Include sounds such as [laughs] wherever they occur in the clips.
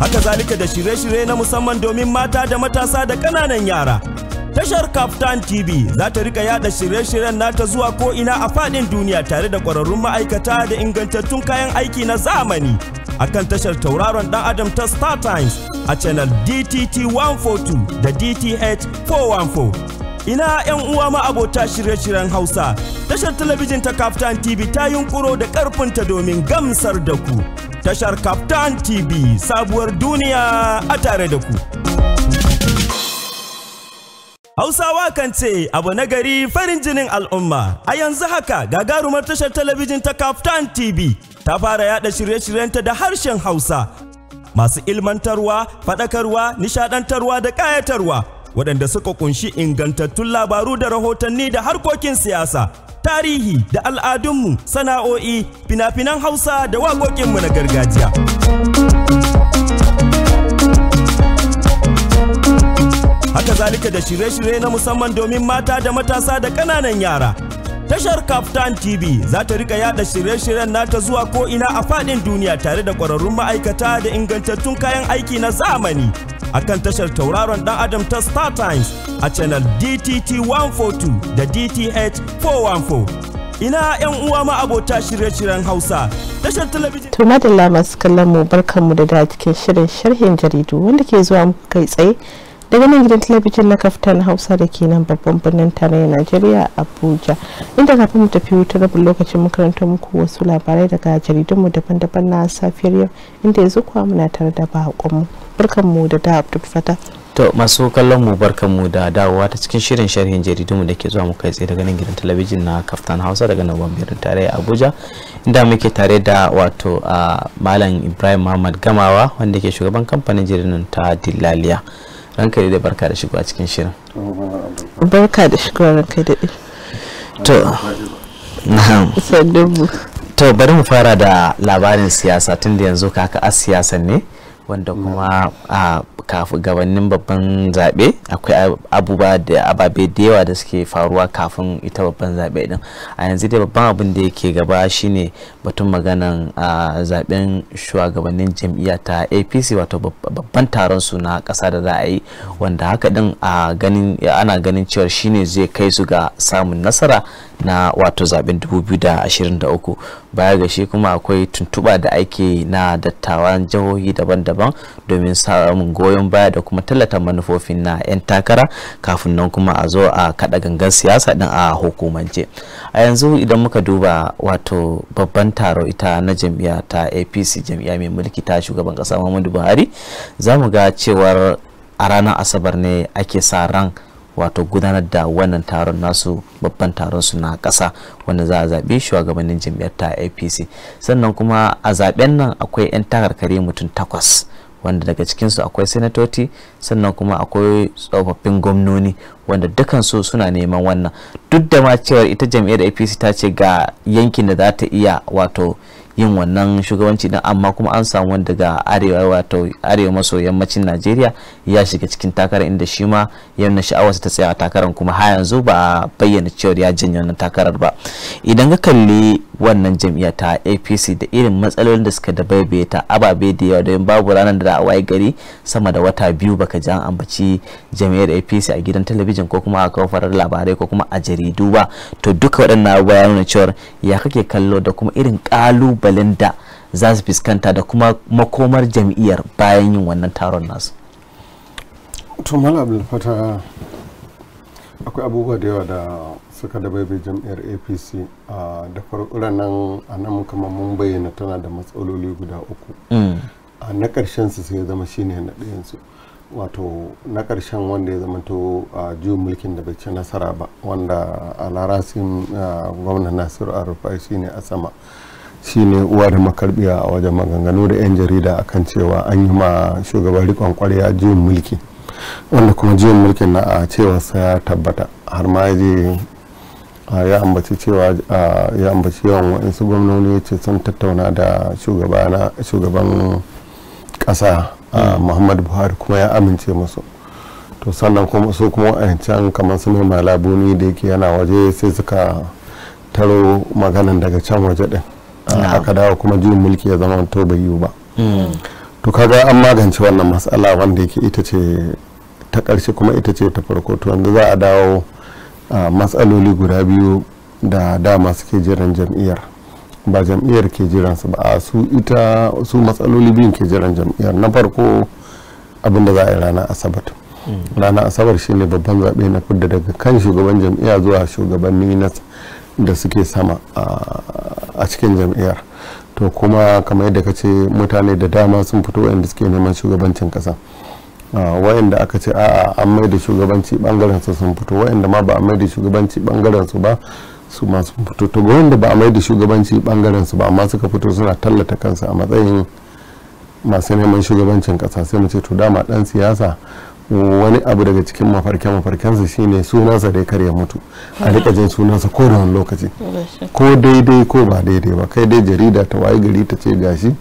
haka zalika da shirye-shirye na musamman domin mata da matasa da ƙananan yara. Tashar Kaftan TV za ta rika yada shirye-shiryen nata zuwa ko ina a faɗin duniya tare da ƙwararrun ma'aikata da ingantattun kayan aiki na zamani. Akan tashar tauraron ɗan Adam ta Star Times a channel DTT 142 da DTH 414. Ina 'yan uwa ma'abota shirye-shiryen Hausa, tashar talabijin ta Kaftan TV ta yunkuro da ƙarfinta domin gamsar da ku. tashar Captain TV sabuwar duniya a tare da ku. Hausawa kan ce abu na gari farin jinin al'umma a yanzu haka gagarumar tashar talabijin ta Captain TV ta fara yada shirye-shiryenta da harshen Hausa masu ilmantarwa, faɗakarwa, nishadantarwa da ƙayatarwa. waɗanda suka kunshi ingantattun labaru da rahotanni da harkokin siyasa tarihi da al'adunmu sana'o'i fina-finan hausa da waƙoƙinmu na gargajiya haka zalika da shirye-shirye na musamman domin mata da matasa da ƙananan yara Tashar Kaftan TV za ta rika yada shirye-shiryen nata zuwa ko ina a fadin duniya tare da ƙwararrun ma'aikata da ingantattun kayan aiki na zamani. Akan tashar tauraron ɗan Adam ta Star Times a channel DTT 142 da DTH 414. Ina 'yan uwa ma abota shirye-shiryen Hausa. Tashar talabijin. To madalla masu kallon mu barkanmu da da cikin shirin sharhin jaridu wanda ke zuwa kai tsaye daga nan gidan talabijin na kaftan hausa da ke nan babban birnin tarayyar najeriya abuja inda kafin mu tafi wuta rabin lokacin makaranta muku wasu labarai daga jaridunmu daban-daban na safiyar yau inda yanzu kuwa muna tare da bakonmu barkanmu da da abdul fata to masu kallon mu barkanmu da dawowa ta cikin shirin sharhin jaridunmu da ke zuwa mu kai tsaye daga nan gidan talabijin na kaftan hausa daga nan babban birnin tarayya abuja inda muke tare da wato malam ibrahim muhammad gamawa wanda ke shugaban kamfanin jaridun ta dillaliya ranka da barka da shigo a cikin shirin barka da shigo ranka da to na'am to bari mu fara da labarin siyasa tun da yanzu kaka a siyasan ne wanda kuma a kafu gabanin babban zaɓe akwai abubuwa da ababe da yawa da suke faruwa kafin ita babban zaɓe din a yanzu dai babban abin da yake gaba shine batun maganan zaɓen shugabannin jam'iyya ta apc wato babban taron su na ƙasa da za a yi wanda haka din ana ganin cewar shine zai kai su ga samun nasara na wato zaben 2023 baya ga shi kuma akwai tuntuɓa da ake na dattawan jihohi daban-daban domin samun goyon baya da kuma tallata manufofin na 'yan takara kafin nan kuma a zo a kada gangan siyasa din a hukumance a yanzu idan muka duba wato babban taro ita na jam'iyya ta apc jami'a mai mulki ta shugaban kasa muhammadu buhari za mu ga cewar a ranar asabar ne ake sa ran wato gudanar da wannan taron nasu babban taron su na kasa wanda za a zaɓi shugabannin jam'iyyar ta apc sannan kuma a zaben nan akwai 'yan takarkari mutum takwas wanda daga cikinsu akwai senatoti sannan kuma akwai tsofaffin gwamnoni wanda dukansu suna neman wannan duk da ma cewar ita jam'iyyar apc ta ce ga yankin da za ta iya wato yin wannan shugabanci din amma kuma an samu wanda daga arewa wato arewa maso yammacin najeriya ya shiga cikin takarar inda shi ma yana sha'awarsa ta tsaya takarar kuma har yanzu ba bayyana cewar ya janye wannan takarar ba idan ka kalli wannan jam'iyyar ta apc da irin matsalolin da suka dabaibaye ta ababe da yawa don babu ranar da a waye gari sama da wata biyu baka ji an ambaci jam'iyyar apc a gidan talabijin ko kuma a kafar labarai ko kuma a jaridu ba to duka waɗannan abubuwa ya nuna cewa ya kake kallo da kuma irin ƙalubalen da za su fuskanta da kuma makomar jam'iyyar bayan yin wannan taron nasu to malam akwai abubuwa da yawa da suka da bai jam'iyyar apc da farkura nan a nan kamar mun bayyana tana da matsaloli guda uku mm. na ƙarshen su sai zama shine na su wato na ƙarshen wanda ya zama a juyin mulkin da bai ci nasara ba wanda a larasin gwamna nasiru shi shine a sama shine uwa da makarbiya a wajen maganganu da 'yan jarida a kan cewa an yi ma shugaban rikon kwarya juyin mulki wanda kuma juyin mulkin na a cewa sa ya tabbata har ma ya je ya ambaci cewa ya ambaci yawan waɗansu gwamnoni ya ce sun tattauna da shugaban ƙasa hmm. muhammadu buhari kuma ya amince musu to sannan kuma su kuma wa'ancan kamar su mai malabuni da yake yana waje sai suka taro maganan daga can waje din hmm. aka dawo kuma jin mulki ya zama to bai yiwu ba hmm. to kaga an magance wannan matsala wanda yake ita ce ta ƙarshe kuma ita ce ta farko to yanzu za a dawo matsaloli guda biyu da dama suke jiran jam'iyyar ba jam'iyyar ke jiransu ba su ita su matsaloli biyun ke jiran jam'iyyar na farko abin da za a yi ranar asabar hmm. ranar asabar shine babban zaɓe na fidda daga kan shugaban jam'iyya zuwa shugabanni na da suke sama a cikin jam'iyyar to kuma kamar yadda ka ce mutane da dama sun fito wayanda suke neman shugabancin ƙasa Ah, wayanda aka ce a'a an mai da shugabanci bangaren su sun fito wayanda ma ba a mai da shugabanci bangaren su ba su ma sun fito to ga wanda ba a mai da shugabanci bangaren su ba amma suka fito suna tallata kansu a matsayin masu neman shugabancin kasa sai mu ce to dama dan siyasa wani abu daga cikin mafarke mafarkensa shine sunansa da ya karya mutu a rika jin sunansa ko da wani lokaci ko daidai ko ba daidai ba kai dai jarida ta waye gari ta ce gashi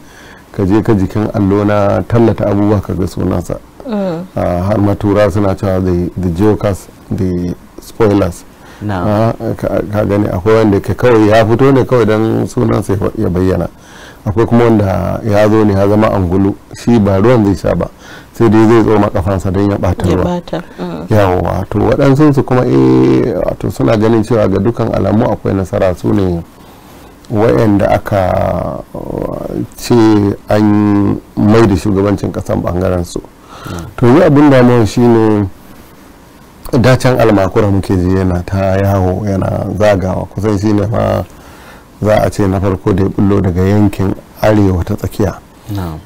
ka je ka jikin allo na tallata abubuwa ka ga sunansa Ah, har matura suna cewa the jokers the spoilers ah, ka gani akwai wanda ke kawai ya fito ne kawai don sunansa ya bayyana akwai kuma wanda ya zo ne ya zama angulu shi ba ruwan zai sha ba sai dai zai tsoma kafansa don ya bata ruwa mm. yawa to waɗansu su kuma eh, wato suna ganin cewa ga dukan alamu akwai nasara su ne wayanda aka uh, ce an mai da shugabancin ƙasan bangaren su to yi abin damuwa shine dacen almakura muke ji yana ta yawo yana zagawa kusan shine ma za a ce na farko da ya bullo daga yankin arewa ta tsakiya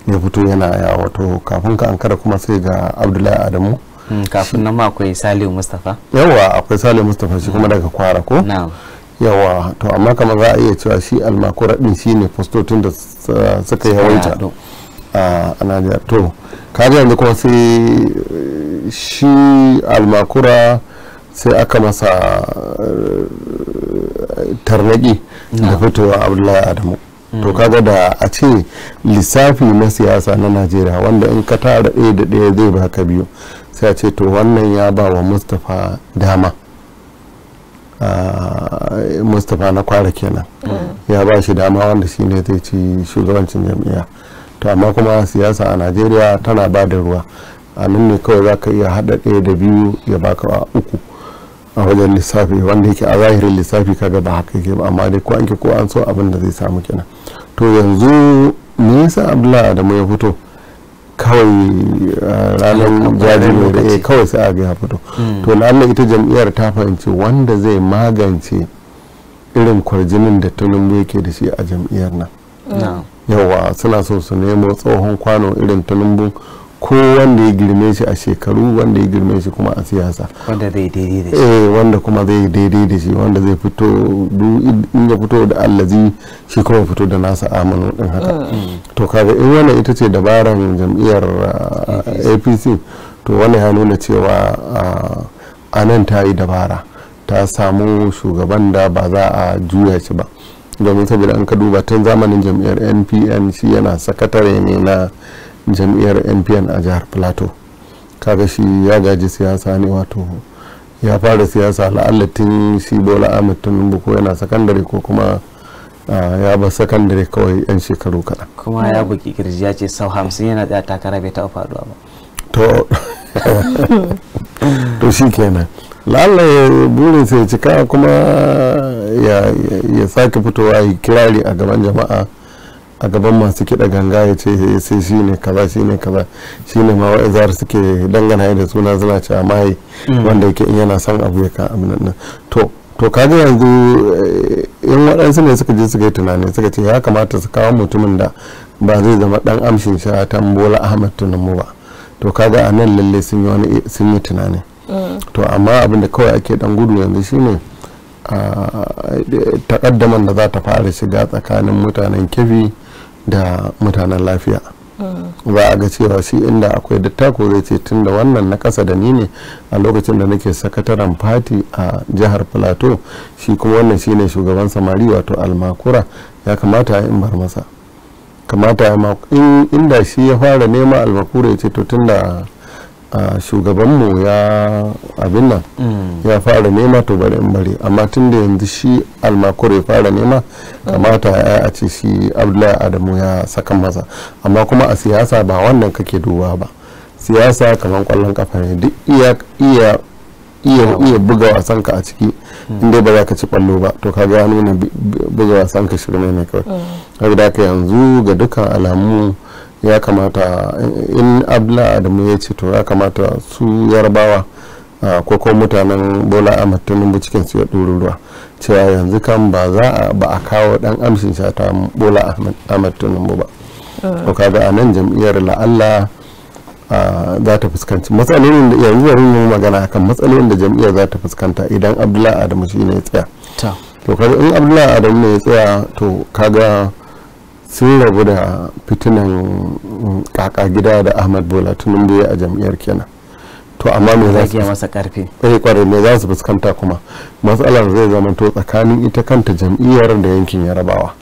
ya fito yana yawo to kafin ka ankara kuma sai ga abdullahi adamu hmm, kafin nan ma akwai salihu mustapha yawa akwai salihu mustapha shi kuma daga kwara ko yawa to amma kama za a iya cewa shi almakura din shine fostotin da suka yawaita a najeriya to kaga yanzu kuma sai eh, shi almakura sai aka masa eh, tarnaki da fitowa abdullahi adamu to mm. kaga da a ce lissafi na siyasa na najeriya wanda in ka tara ɗaya da ɗaya zai ba ka biyu sai a ce to wannan ya ba wa mustapha dama ah, mustapha na kwara kenan mm. ya ba shi dama wanda shine zai ci shugabancin jam'iyya to amma kuma siyasa a najeriya tana ba da ruwa a nan ne kawai za ka iya haɗa ɗaya da biyu ya baka a uku a wajen lissafi wanda yake a zahirin lissafi kaga ba haka yake ba amma dai ko an ke ko an so abin da zai samu kenan to yanzu me yasa abdullahi adamu ya fito kawai eh, ranar jajiro da ya kawai sai aga ya fito hmm. to lallai ita jam'iyyar ta fahimci wanda zai magance irin kwarjinin da tunumbu yake da shi a jam'iyyar nan yawa suna so su nemo tsohon kwano irin tulumbu ko wanda ya girme shi a shekaru wanda ya girme shi kuma a siyasa wanda zai daidai da shi eh, wanda kuma zai daidai da shi wanda zai fito in ya fito da allazi shi kuma fito da nasa amanu din haka mm, mm. to kaga in wannan ita ce dabaran jam'iyyar uh, apc to wani ya nuna cewa uh, a nan ta yi dabara ta samu shugaban da ba za a juya shi ba domin saboda an ka duba tun zamanin jam'iyyar npn shi yana sakatare ne na jam'iyyar npn a jihar plateau kaga shi ya gaji siyasa ne wato ya fara siyasa la'allatin shi bola ahmed tinubu ko yana sakandare ko kuma ya ba sakandare kawai yan shekaru kaɗan kuma ya buki kirji ya ce sau hamsin yana tsaya takara bai taɓa faɗuwa ba to [laughs] to shi kenan la'alla burin sai cika kuma ya sake fitowa yi kirari a gaban jama'a a gaban masu kiɗa ganga ya ce eh, sai shi ne kaza shi ne kaza shi ne ma wa'izar suke dangana da suna suna ce a maye mm. wanda yake in yana son abu ya ka nan to to kaga yanzu eh, in waɗansu ne suka je suka yi tunani suka ce ya kamata su kawo mutumin da ba zai zama ɗan amshin sha bola ahmad tunanmu ba to kaga a nan lalle sun yi tunani mm. to amma abin da kawai ake ɗan gudu yanzu shi ne takaddaman da za ta fara shiga tsakanin mutanen kifi da mutanen lafiya hmm. za a ga cewa shi inda akwai dattako zai ce tun da wannan na kasa da ni ne a lokacin da nake sakataren fati a jihar plateau shi kuma wannan shi ne shugaban samari wato almakura ya kamata in bar masa kamata ya inda shi ya fara nema almakura ya ce to tun da shugabanmu ya abin nan mm. ya fara nema to bari in bari amma tun da yanzu shi almakore ya fara nema kamata ya a ce shi abdullahi adamu ya saka maza. amma kuma a siyasa ba wannan kake duba ba siyasa kamar kwallon kafa ne duk iya iya iya iya buga wasan ka a ciki mm. inda ba za ka ci kwallo ba to ka gano nuna buga wasan ka shirme ne kawai mm. da ka yanzu ga dukkan alamu ya kamata in abdullah adamu ya ce to ya kamata su yarbawa ko ko mutanen bola a tinubu cikin su ya ɗoruruwa cewa yanzu kan ba za a ba a kawo dan amshin shata bola a tinubu ba ko uh. kaga a nan jam'iyyar la'alla za ta fuskanci matsalolin da yanzu zan yi magana kan matsalolin da jam'iyyar za ta fuskanta idan Abdullahi adamu shi ne ya tsaya to kaga in Abdullahi adamu ne ya tsaya to kaga sun rabu da fitinan mm, kaka gida da ahmad bola tinubu ya a jam'iyyar kenan to amma me za su masa karfi eh kwarai me za su fuskanta kuma matsalar zai zama to tsakanin ita kanta jam'iyyar da yankin yarabawa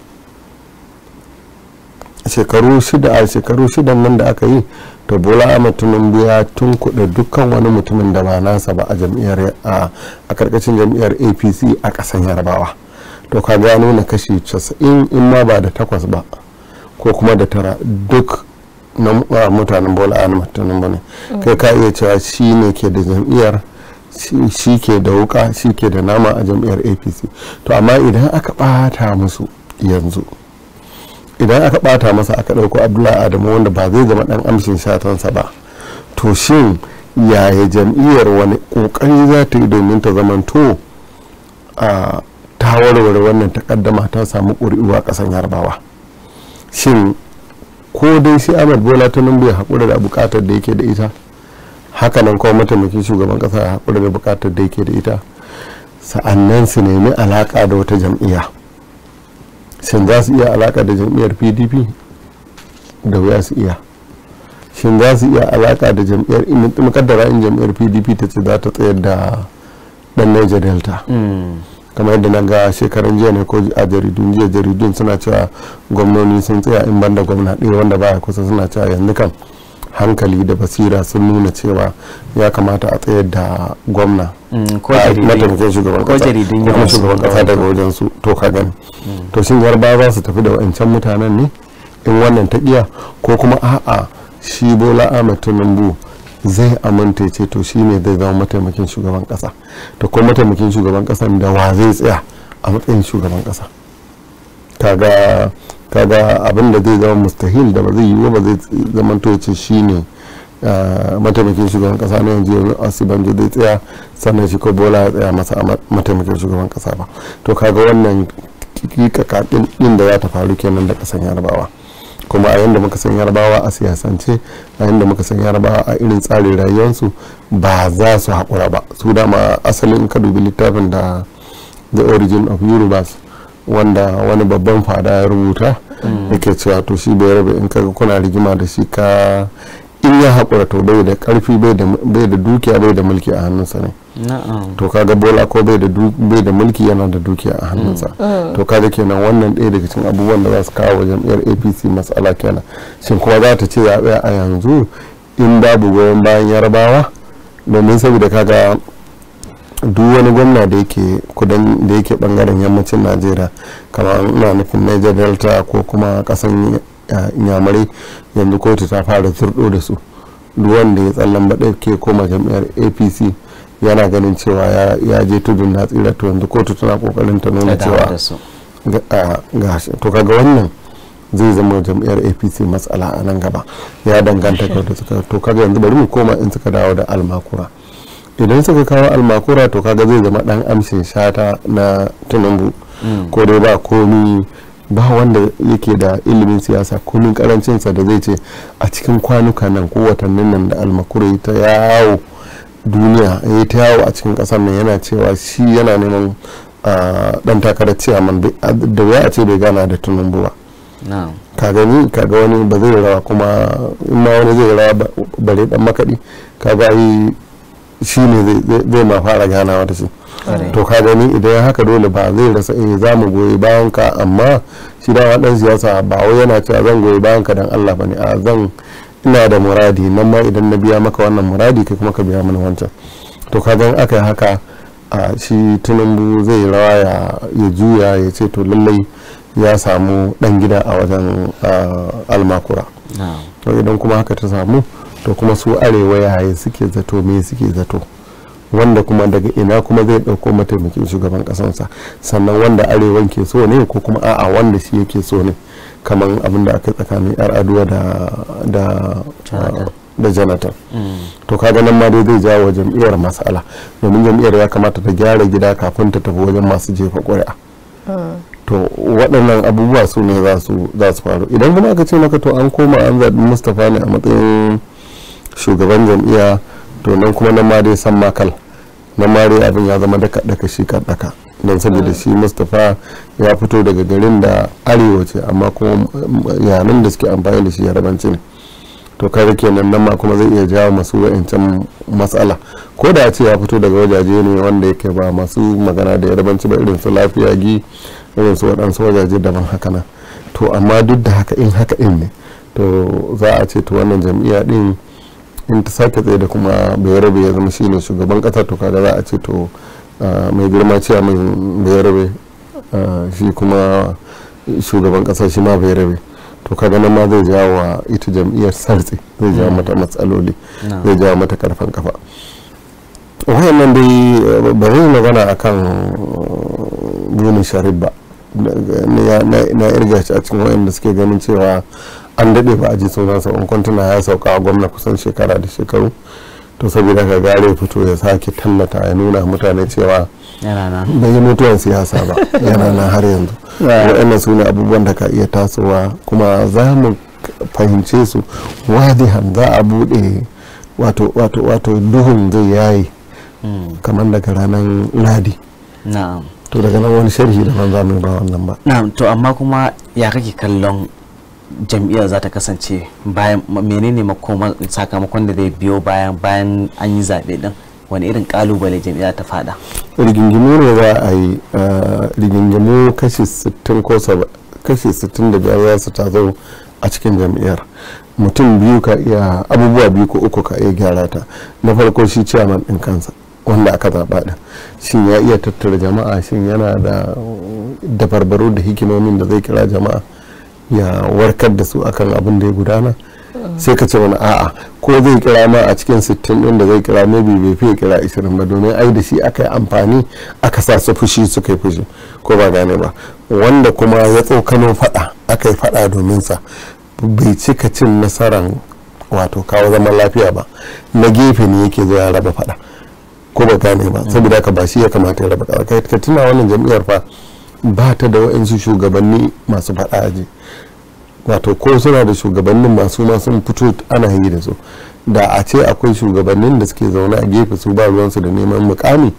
shekaru shida a shekaru shida nan da aka yi to bola ahmad tinubu ya tunkuɗe dukkan wani mutumin da ba nasa ba a jam'iyyar a karkashin jam'iyyar apc a ƙasan yarabawa to ka gano na kashi 90 in ma ba da takwas ba ko kuma da tara duk na ah, mutanen bola a mutanen bane kai ka iya cewa shi ne ke da jam'iyyar shi ke da wuka shi ke da nama a jam'iyyar apc to amma idan aka bata musu yanzu idan aka bata masa aka ɗauko abdullahi adamu wanda ba zai zama ɗan amshin shatansa ba to shin yaya jam'iyyar wani ƙoƙari za ta yi domin ta zamanto a ah, ta warware wannan takaddama ta samu ƙuri'u a ƙasan yarbawa shin ko dai shi ahmad bola tinubu ya haƙura da buƙatar da yake da ita hakanan kuma mataimakin shugaban ƙasa ya haƙura da buƙatar da yake da ita sa'annan su nemi alaƙa da wata jam'iyya shin za su iya alaƙa da jam'iyyar pdp da wuya su iya shin za su iya alaƙa da jam'iyyar mukaddara in jam'iyyar pdp ta ce za ta tsayar da ɗan niger delta hmm. kamar yadda na ga shekarun jiya ne ko a jaridun jiya jaridun suna cewa gwamnoni sun tsaya in banda gwamna ɗaya wanda baya kusa suna cewa yanzu kan hankali da basira sun nuna cewa ya kamata a tsayar da gwamna mm, ko mataimakin shugaban kasa ko kuma shugaban kasa daga wajen su to ka gani mm. to shin yarba za su tafi da wa'ancan mutanen ne in wannan ta ko kuma a'a shi bola ahmed tinubu zai aminta ce to shine zai zama mataimakin shugaban kasa to ko mataimakin shugaban kasa da wa zai tsaya a matsayin shugaban kasa kaga kaga abin da zai zama mustahil da ba zai yiwu ba zai zama to ce shine eh, mataimakin shugaban kasa na yanzu yanzu asibanjo zai tsaya sannan shi ko bola ya tsaya masa mataimakin shugaban kasa ba to kaga wannan kika din da za ta faru kenan da kasan yarbawa kuma a yadda muka san yarbawa a siyasance a yadda muka san yarbawa a irin tsarin rayuwarsu ba za su haƙura ba su dama asalin ka dubi littafin da the origin of universe wanda wani babban fada ya rubuta mm. yake cewa to shi bai rabe in ka kuna rigima da shi ka in ya haƙura to bai da ƙarfi bai da dukiya bai da mulki a hannunsa ne to kaga bola ko bai da mulki yana da dukiya a hannunsa mm. Mm. to kaga kenan wannan ɗaya daga cikin abubuwan da za su kawo jam'iyyar apc matsala kenan shin kuma za ta ce zaɓe a yanzu in babu goyon bayan yarbawa domin saboda kaga duk wani gwamna da yake kudan da yake bangaren yammacin najeriya kamar ina nufin niger delta ko kuma kasan inyamurai yanzu kotu ta fara turdo da su duk wanda ya tsallan baɗa ke koma jam'iyyar apc yana ganin cewa ya je tudun na tsira to yanzu kotu tana kokarin ta nuna cewa ga to kaga wannan zai zama jam'iyyar apc matsala a nan gaba ya danganta ga da suka to kaga yanzu bari mu koma in suka dawo da almakura idan suka kawo almakura to kaga zai zama dan amshin shata na tunumbu mm. ko dai ba komi ba wanda yake da ilimin siyasa komin karancinsa da zai ce a cikin kwanuka nan ko watannin nan da almakura ta yawo duniya ya ta yawo a cikin kasar nan yana cewa shi yana neman dan takarar ciyaman da ya ce bai gana da tinubu ba ka gani ka ga wani ba zai rawa kuma in ma wani zai rawa bare dan makadi ka ga yi shi ne zai ma fara gana wata shi to ka gani idan haka dole ba zai rasa in eh, za mu goyi bayan ka amma shi da dan siyasa ba wai yana cewa zan goyi bayan ka dan Allah bane a zan ina da muradi nan ma idan na biya maka wannan muradi kai kuma ka biya mana wancan to ka gan aka yi haka a shi tunanbu zai rawa ya juya ya ce to lallai ya samu dan gida a wajen almakura to idan kuma haka ta samu to kuma su arewa yaya suke zato me suke zato wanda kuma daga ina kuma zai ɗauko mataimakin shugaban ƙasansa sannan wanda arewan ke so ne ko kuma a'a wanda shi yake so ne kamar abin da aka tsakanin yar aduwa da da mm. to kaga nan ma dai zai jawo jam'iyyar matsala domin jam'iyyar ya kamata ta gyara gida kafin ta tafi wajen masu jefa ƙuri'a ah. to waɗannan abubuwa su ne za su faru idan kuma aka ce maka to an koma an zaɓi mustapha ne a matsayin shugaban jam'iyya to nan kuma nan ma dai san makal nan ma dai abin ya zama daka daka shi ka daka don saboda shi mustapha ya fito daga garin da arewa ce amma kuma yanan da suke amfani da shi yarabanci ne to kare kenan nan ma kuma zai iya jawo masu wa'ancan matsala ko da ce ya fito daga wajaje ne wanda yake ba masu magana da yarabanci ba irin su lafiya gi irin su waɗansu wajaje daban haka nan to amma duk da haka in haka in ne to za a ce to wannan jam'iyya din in ta sake tsaye da kuma bayar ya zama shi ne shugaban kasar to kaga za a ce to mai girma ciyaman bai rabe shi kuma shugaban kasa shi ma bai rabe to kaga nan ma zai jawo wa ita jam'iyyar sartsi zai jawo mata mm. matsaloli zai jawo mata karfan kafa wayannan dai ba zai magana a kan gumin uh, sharif ba na irga shi a cikin wayanda suke ganin cewa an daɗe ba a ji sun sa in kwantuna ya sauka a gwamna kusan shekara da shekaru to saboda ka gare fito ya sake tallata ya nuna mutane cewa bai yi mutuwan siyasa ba yana nan har yanzu waɗannan su ne abubuwan da ka iya tasowa kuma za mu fahimce su wadihan za a buɗe wato wato wato duhun zai yayi hmm. kamar daga ranar ladi na'am to daga nan wani sharhi da ban za mu ba wannan ba na'am to amma kuma ya kake kallon jam'iyyar za ta kasance bayan menene sakamakon da zai biyo bayan bayan an yi zaɓe ɗin wani irin kalubale jam'iyyar ta fada rigingimu ne za a yi rigingimu kashi 60 ko kashi 65 za su tazo a cikin jam'iyyar mutum biyu ka iya abubuwa biyu ko uku ka iya gyara ta na farko shi ciyaman din kansa wanda aka zaɓa ɗin shi ya iya tattara jama'a shin yana da dabarbaru da hikimomin da zai kira jama'a ya warkar da su akan abin da ya gudana sai ka ce wani a'a ko zai kira ma a cikin 60 din da zai kira maybe bai fiye kira 20 ba domin ai da shi aka yi amfani aka sa su fushi su kai fushi ko ba gane ba wanda kuma ya tsokano fada aka yi fada domin sa bai cika cin nasaran wato kawo zaman lafiya ba na gefe ne yake zuwa raba fada ko ba gane ba saboda haka ba shi ya kamata ya raba ka tuna wannan jam'iyyar fa ba ta da waɗansu shugabanni masu faɗa aji wato ko suna da shugabannin masu masu fito ana yi da su da a ce akwai shugabannin da suke zaune a gefe su ba ruwansu da neman mukami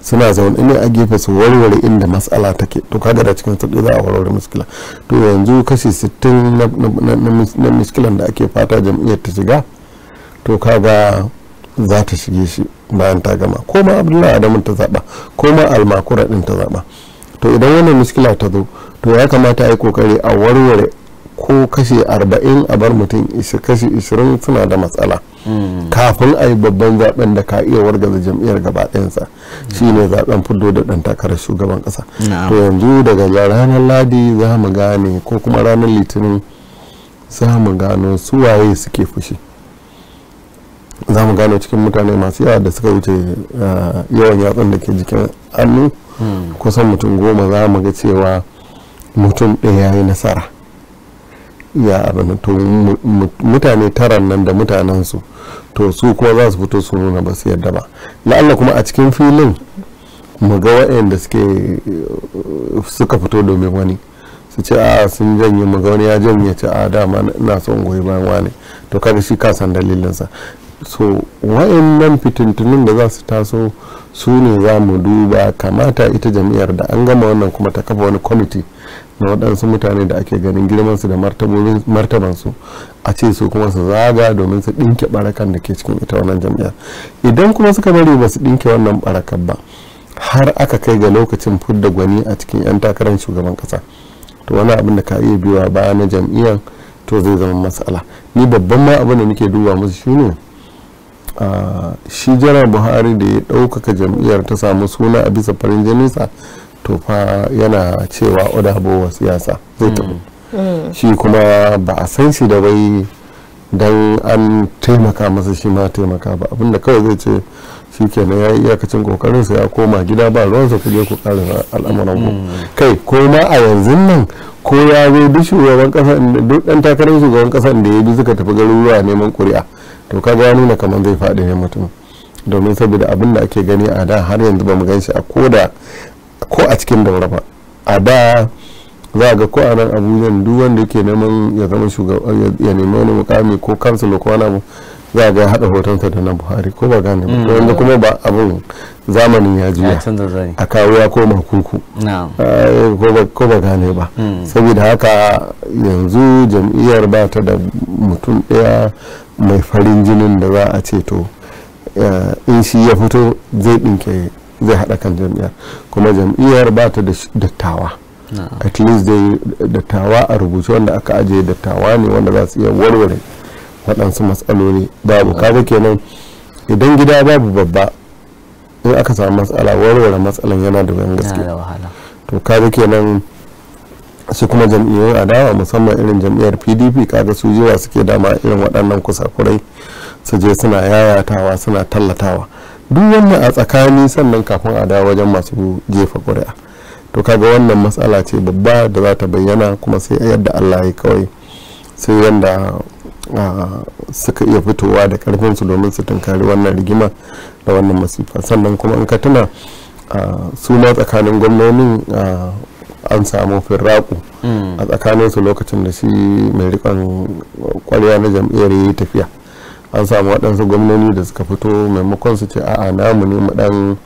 suna zaune ne a gefe su warware inda matsala take to kaga da cikin sadu za a warware muskila to yanzu kashi 60 na muskilan da ake fata jam'iyyar ta shiga to kaga za ta shige shi bayan ta gama ko ma abdullahi adamu ta zaba ko ma almakura ɗin ta zaɓa. to idan wannan miskila ta zo to ya kamata a yi kokari a warware ko kashe arba'in a bar mutum isa kashe 20 suna da matsala hmm. kafin a yi babban zaben da ka iya wargaza jam'iyyar gaba ɗayansa hmm. shi ne zaben fudo da ɗan takarar shugaban ƙasa to yanzu daga ranar ladi za mu gane ko kuma ranar litinin za mu gano suwaye suke fushi za mu gano cikin mutane masu yawa da suka wuce eh, yawan yatsun da ke jikin hannu kusan mutum goma za mu ga cewa mutum ɗaya ya yi nasara ya abin to mutane taran nan da mutanensu to su kuma za su fito su nuna ba su yadda ba la'alla kuma a cikin filin mu ga waɗanda suke uh, suka fito domin wani su ce a sun janye mu ga wani ya janye ce a dama na son goyi bayan wani to kaga shi kasan dalilinsa so nan fitintunin da za su taso su ne za mu duba kamata ita jami'ar da an gama wannan kuma ta kafa wani kwamiti na waɗansu mutane da ake ganin girmansu da martabansu a ce su kuma su zaga domin su ɗinke barakan da ke cikin ita wannan jami'ar idan kuma suka bari ba su ɗinke wannan barakar ba har aka kai ga lokacin fudda gwani a cikin 'yan takarar shugaban kasa to wani abin da ka iya biyowa ba na jam'iyyar to zai zama matsala ni babban ma abin da nake duba musu shine A shi jiran buhari da ya ɗaukaka jam'iyyar ta samu suna a bisa farin jininsa to fa yana cewa odabowa siyasa zai tafi mm. Mm. shi kuma ba a san shi da bai don an taimaka masa shi ma taimaka ba abinda kawai zai ce shi kenan ya yi iyakacin kokarinsa ya koma gida ba ruwansa kuje ku karin al'amuran ku mm. kai ko ma a yanzu nan ko ya zo duk shugaban kasa duk dan takarar shugaban kasa da ya bi suka tafi garuruwa neman kuri'a to kaga ya nuna kamar zai faɗi ne mutum domin saboda abin da ake gani a da har yanzu ba mu gan shi a koda ko a cikin daura ba a da za ga ko a nan abuja duk wanda yake neman ya zama shugaban ya nemi wani mukami ko kansila ko wani abu za ga haɗa hotonsa da na buhari ko ba gane ba mm. wanda kuma ba abin zamanin ya juya a kawuwa ko koma kuku ko ba gane ba mm. saboda haka yanzu jam'iyyar ba ta da mutum ɗaya mai farin jinin da za a ce to eh, in shi ya fito zai ɗinke zai haɗa kan jam'iyyar kuma jam'iyyar ba ta da dattawa at least dai dattawa a rubuce wanda aka ajiye dattawa ne wanda za su iya warware waɗansu matsaloli babu kaga kenan idan gida babu babba in aka samu matsala warware matsalan yana da wani gaske to kaga kenan su kuma jam'iyyar adawa musamman irin jam'iyyar pdp kaga su jiwa suke dama irin waɗannan kusakurai su je suna yayatawa suna tallatawa duk wannan a tsakani sannan kafin a dawo wajen masu jefa ƙuri'a to kaga wannan matsala ce babba da za ta bayyana kuma sai yadda allah ya kawai sai yadda suka iya fitowa da karfinsu domin su tunkari wannan rigima da wannan masifa sannan kuma in ka tuna su ma tsakanin gwamnonin an samu firraku mm. a tsakanin su lokacin da shi mai rikon kwarya na jam'iyyar yai yi tafiya an samu waɗansu gwamnoni da suka fito maimakon su ce a'a namu ne mu dan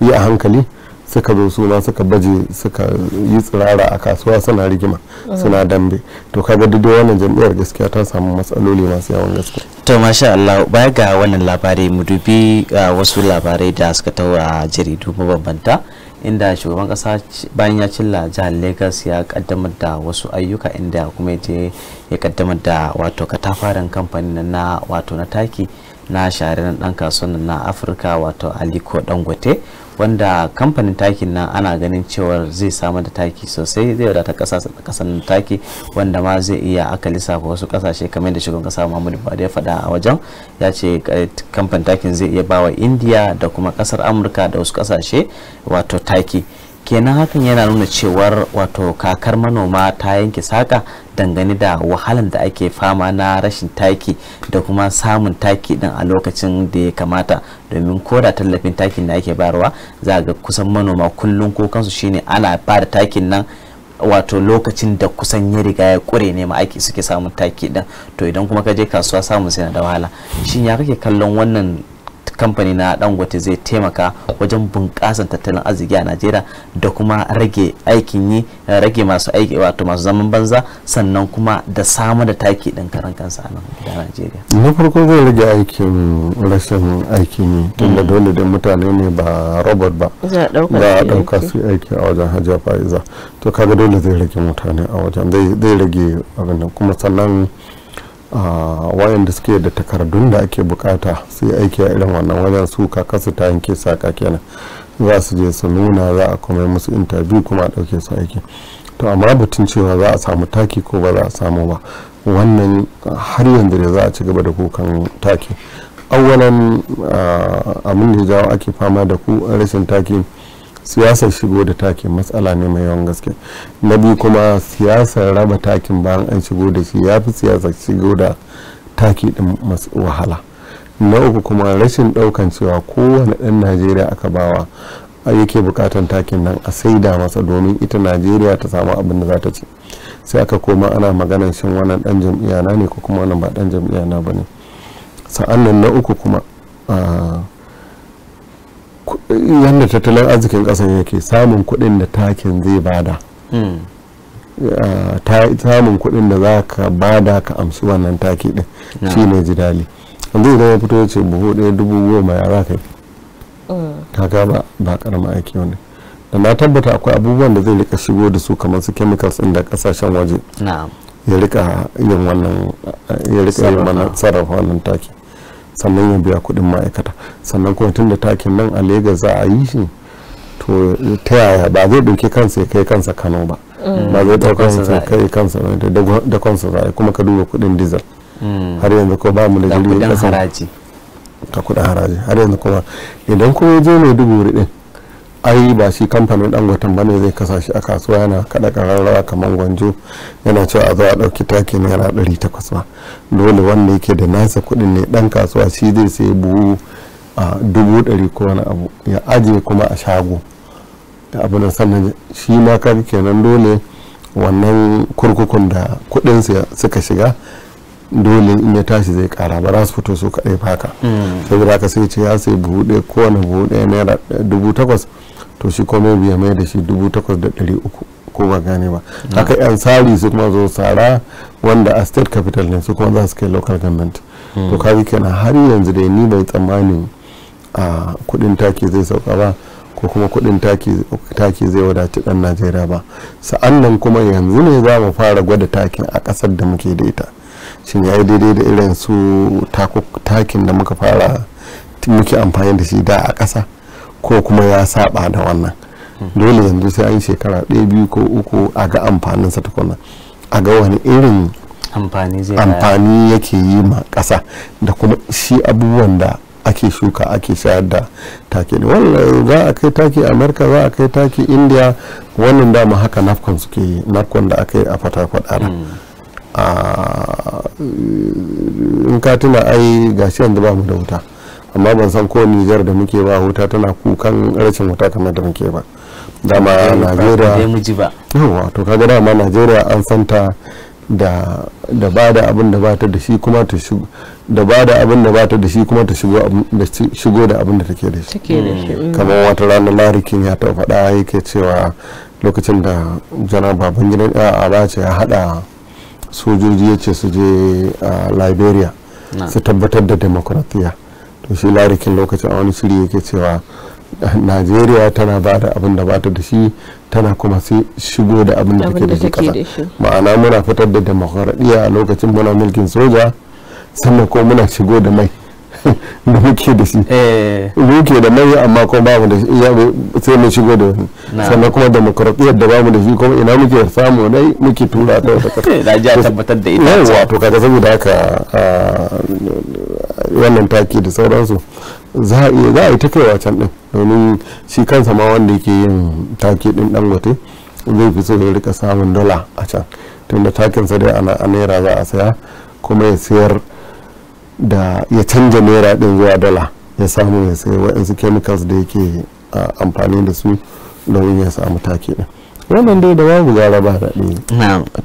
yi a hankali suka zo suna suka baje suka yi tsirara a kasuwa suna rigima mm. suna dambe to kaga duk wannan jam'iyyar gaskiya ta samu matsaloli masu yawan gaske to masha Allah baya ga wannan labarai mudubi dubi ah, wasu labarai da suka taura jaridu mabambanta inda shugaban kasa bayan ya cilla jihar lagos ya kaddamar da wasu ayyuka inda kuma je ya kaddamar da wato katafaren kamfanin na wato na taki na shahararren dan kasuwan na afirka wato aliko dangote wanda kamfanin takin nan ana ganin cewar zai samar da taki sosai zai wadata kasan taki wanda ma zai iya aka lissafa wasu kasashe kamar da shugaban kasa muhammadu buhari ya fada a wajen ya ce eh, kamfanin takin zai iya bawa indiya da kuma kasar amurka da wasu kasashe wato taki kenan hakan yana nuna cewar wato kakar manoma ta yanke saka dangane da wahalan da ake fama na rashin taki da kuma samun taki din a lokacin da ya kamata domin koda tallafin takin da ake barwa za ga kusan manoma kullum ko kansu shine ana ba da takin nan wato lokacin da kusan ya riga ya kure ne ma aiki suke samun taki din to idan kuma ka je kasuwa samun sai na da wahala shin ya kake kallon wannan kamfani na dangote zai taimaka wajen bunƙasar tattalin arziki a najeriya da kuma rage aikin yi rage masu aiki wato masu zaman banza sannan kuma da samu da taki ɗin karan kansa a nan najeriya na farko zai rage aikin rashin aikin yi tunda mm. dole da mutane ne ba robot ba za a ɗauka su aiki a wajen hajiya fa'iza to kaga dole zai rage mutane a wajen zai rage abin kuma sannan wayanda suke da takardun da ake bukata sai aiki a irin wannan wajen su kakasu ta yanke saka kenan za su je su nuna za a kuma musu interview kuma a ɗauke su aiki to amma batun cewa za a samu taki ko ba za a samu ba wannan har yanzu da za a ci gaba da kukan taki awwalan abin da jawo ake fama da ku rashin taki siyasar shigo da takin matsala ne mai yawan gaske na biyu kuma siyasar raba takin bayan an shigo da shi ya fi siyasar shigo da taki din wahala na uku kuma rashin daukan cewa kowane ɗan najeriya aka bawa yake bukatan takin nan a saida masa domin ita najeriya ta samu abin da za ta ci sai aka koma ana magana shin wannan dan jam'iyya na ne ko kuma wannan ba dan jam'iyya na bane sa'an nan na uku kuma ah, yadda tattalin arzikin kasan yake samun kuɗin da takin zai bada hmm. samun kuɗin da za ka bada ka amsu wannan taki din shi ne jidali yanzu idan ya fito ya ce buhu ɗaya dubu goma ya za ka yi hmm. kaga ba ba karama aiki wani da na tabbata akwai abubuwan da zai rika shigo da su kamar su chemicals din da kasashen waje ya rika yin wannan sarrafa wannan taki sannan ya biya kuɗin ma'aikata sannan kuma tun da takin nan a Legas za a yi shi to ta yaya ba zai ɗauki kansa ya kai kansa Kano ba mm. ba zai ɗauka kansa ya kai kansa da kansa za a kuma ka duba kuɗin diesel mm. har yanzu ko ba mu da jirgin kasa ta kuɗin haraji har yanzu kuma idan kuma ya je mai dubu ɗin ai ba shi kamfanin ba bane zai kasa shi a kasuwa yana kada kararrawa kamar gwanjo yana cewa a zo a dauki taki naira ɗari takwas ba dole wanda yake da nasa kuɗin ne dan kasuwa shi zai sai buhu a dubu ɗari ko wani abu ya ajiye kuma a shago abu na sannan shi ma kaga kenan dole wannan kurkukun da kuɗinsa suka shiga dole in ya tashi zai kara ba za su fito su kaɗai faka saboda haka sai ce ya sai buhu ɗaya kowane buhu ɗaya naira dubu takwas to shi komai biya mai da shi dubu takwas da ɗari uku ko ba gane ba haka yan sari su kuma zo sara wanda a state capital ne su kuma za su kai local government to kaji kenan har yanzu dai ni bai tsammani a kuɗin taki zai sauka ba ko kuma kuɗin taki zai wadaci ɗan najeriya ba sa'an nan kuma yanzu ne za mu fara gwada takin a kasar da muke da ita shin ya yi daidai da irin su takin da muka fara muke amfani da shi da a ƙasa ko kuma ya saba da wannan dole yanzu sai an shekara ɗaya biyu ko uku a ga amfanin sa tukuna a ga wani irin amfani yake yi ma ƙasa da kuma shi abubuwan da ake shuka ake shayar da take ne wannan za a kai take amurka za a kai take india wannan dama haka nafkon suke yi nafkon da aka yi a fatakwad arab in ka tuna ai gashi yanzu ba mu da wuta amma ban san ko nijar da muke ba wuta tana kukan rashin wuta kamar da muke ba dama najeriya yawa to kaga dama najeriya an santa da da ba da abin da ta da shi kuma ta shigo da ba da abin da bata da shi kuma ta shigo da da abin da da shi mm. kamar wata ranar larikin ya ta faɗa yake cewa lokacin da janar baban gidan a ce ya haɗa sojoji ya ce su je a liberia su tabbatar da demokratiya to shi larikin lokacin a wani shiri yake cewa najeriya tana ba da abin da bata da shi tana kuma sai shigo da abin da take da shi kasa ma'ana muna fitar da demokradiyya a lokacin muna mulkin soja sannan ko muna shigo da mai da muke da shi eh. muke da nauyi amma kuma mu da shi sai mun shigo da wani sannan kuma demokradiyyar da bamu da shi kuma ina muke samu dai muke tura ta wata da [laughs] ji a tabbatar da ita yawa to kaga saboda haka wannan taki da sauransu za a iya za a yi ta kaiwa can din domin shi kansa ma wanda yake yin taki din dangote zai fi so ya rika samun dola a can tunda takinsa dai a naira za a saya kuma ya sayar da ya canja naira din zuwa dala ya samu ya sai waɗansu chemicals da yake amfani da su domin ya samu take din wannan dai da babu gara ba daɗi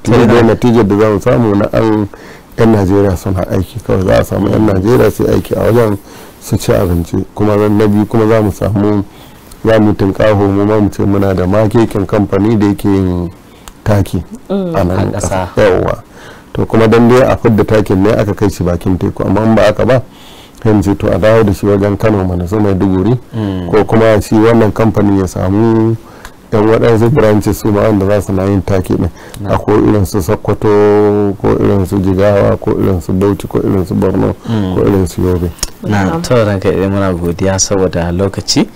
sai dai natijar da za mu samu na an yan najeriya suna aiki kawai za a samu yan najeriya su aiki a wajen su ci abinci kuma na biyu kuma za mu samu za mu tunkaho mu ma mu ce muna da makekin kamfani da yake yin taki mm, a nan ƙasa yawwa to kuma dan dai a fidda takin ne aka kai shi bakin teku amma ba aka ba yanzu to a dawo da shi wajen kano mana su duguri mm. ko kuma shi wannan kamfanin ya samu yan waɗansu branches su ma wanda za su na yin taki ne a ko irin su sokoto ko irin su jigawa ko irin su bauchi ko irin su borno mm. ko irin su yobe na to ka idan muna godiya saboda lokaci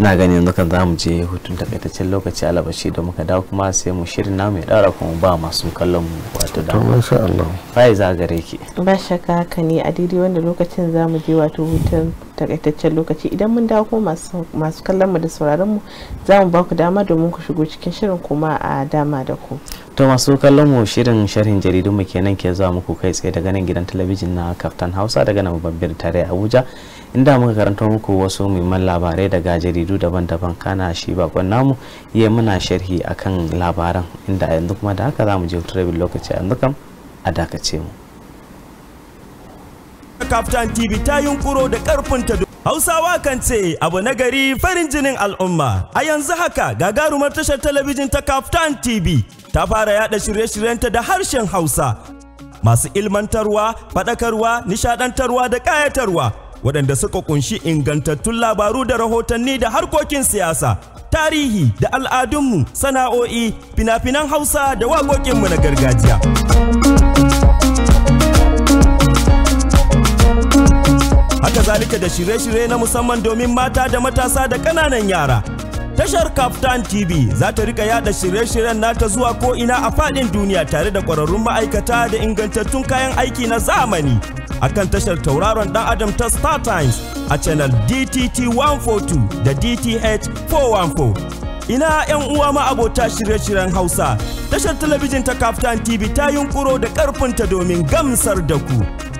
ina gani yanzu kan zamu je hutun takaitaccen lokaci alabashi da muka dawo kuma sai mu shirin namu ya dara kuma ba masu kallon mu wato da masha Allah bai za gare ki ba shakka haka ne a daidai wanda lokacin zamu je wato hutun takaitaccen lokaci idan mun dawo kuma masu kallon mu da sauraron mu zamu mu ba ku dama domin ku shigo cikin shirin kuma a dama da ku to masu kallon mu shirin sharhin jaridun mu kenan ke zuwa muku kai tsaye daga nan gidan talabijin na Kaftan Hausa daga nan babbar tare Abuja inda muka karanta muku wasu muhimman labarai daga jaridu daban-daban kana shi bakon namu ya muna sharhi akan labaran inda a yanzu kuma da haka za mu je rabin lokaci yanzu kam a dakace mu Kaftan TV ta yunkuro da karfinta Hausawa kan ce abu na gari farin jinin al'umma. A yanzu haka gagarumar tashar talabijin ta Kaftan TV ta fara yada shirye-shiryenta da harshen Hausa. Masu ilmantarwa, faɗakarwa, nishadantarwa da ƙayatarwa waɗanda suka kunshi ingantattun labaru da rahotanni da harkokin siyasa tarihi da al'adunmu sana'o'i fina-finan hausa da waƙoƙinmu na gargajiya haka zalika da shirye-shirye na musamman domin mata da matasa da ƙananan yara Tashar Kaftan TV za ta rika yada shirye-shiryen nata zuwa ko ina a faɗin duniya tare da ƙwararrun ma'aikata da ingantattun kayan aiki na zamani. Akan tashar tauraron ɗan Adam ta Star Times a channel DTT 142 da DTH 414. ina 'yan uwa ma'abota shirye-shiryen Hausa. Tashar talabijin ta Kaftan TV ta yunkuro da ƙarfinta domin gamsar da ku.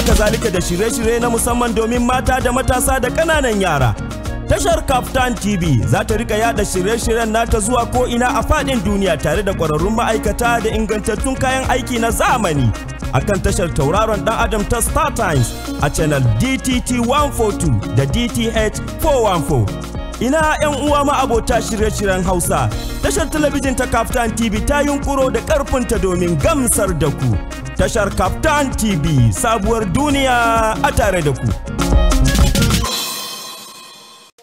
haka zalika da shirye-shirye na musamman domin mata da matasa da ƙananan yara. Tashar Kaftan TV za ta rika yada shirye-shiryen nata zuwa ko ina a faɗin duniya tare da kwararrun ma'aikata da ingantattun kayan aiki na zamani. Akan tashar tauraron ɗan Adam ta Star Times a channel DTT 142 da DTH 414. ina 'yan uwa ma abota shirye-shiryen Hausa. Tashar talabijin ta Kaftan TV ta yunkuro da ƙarfinta domin gamsar da ku. tashar Captain TV sabuwar duniya a tare da ku.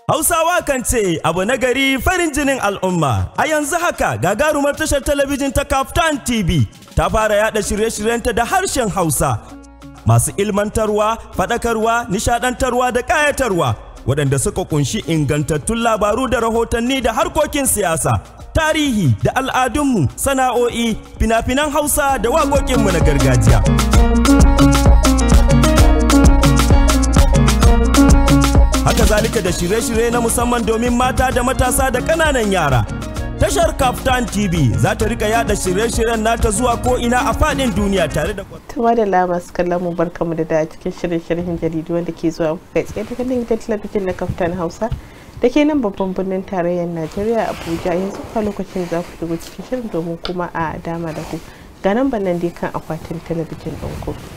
Hausawa kan ce abu na gari farin jinin al'umma a yanzu haka gagarumar tashar talabijin ta Captain TV ta fara yada shirye-shiryenta da harshen Hausa masu ilmantarwa, faɗakarwa, nishadantarwa da ƙayatarwa. waɗanda suka kunshi ingantattun labaru da rahotanni da harkokin siyasa tarihi da al'adunmu sana'o'i fina-finan hausa da waƙoƙinmu na gargajiya haka zalika da shirye-shirye na musamman domin mata da matasa da ƙananan yara Tashar Kaftan TV za ta rika yada shirye-shiryen nata zuwa ko ina a fadin duniya tare da Tuma da su kallon mu mu da da cikin shirye-shiryen jaridu wanda ke zuwa kai tsaye daga nan gidan talabijin na Kaftan Hausa da ke nan babban birnin tarayyar Najeriya Abuja yanzu fa lokacin za ku shigo cikin shirin domin kuma a dama da ku. Ga nan ban nan dai kan akwatin talabijin ɗinku. kofi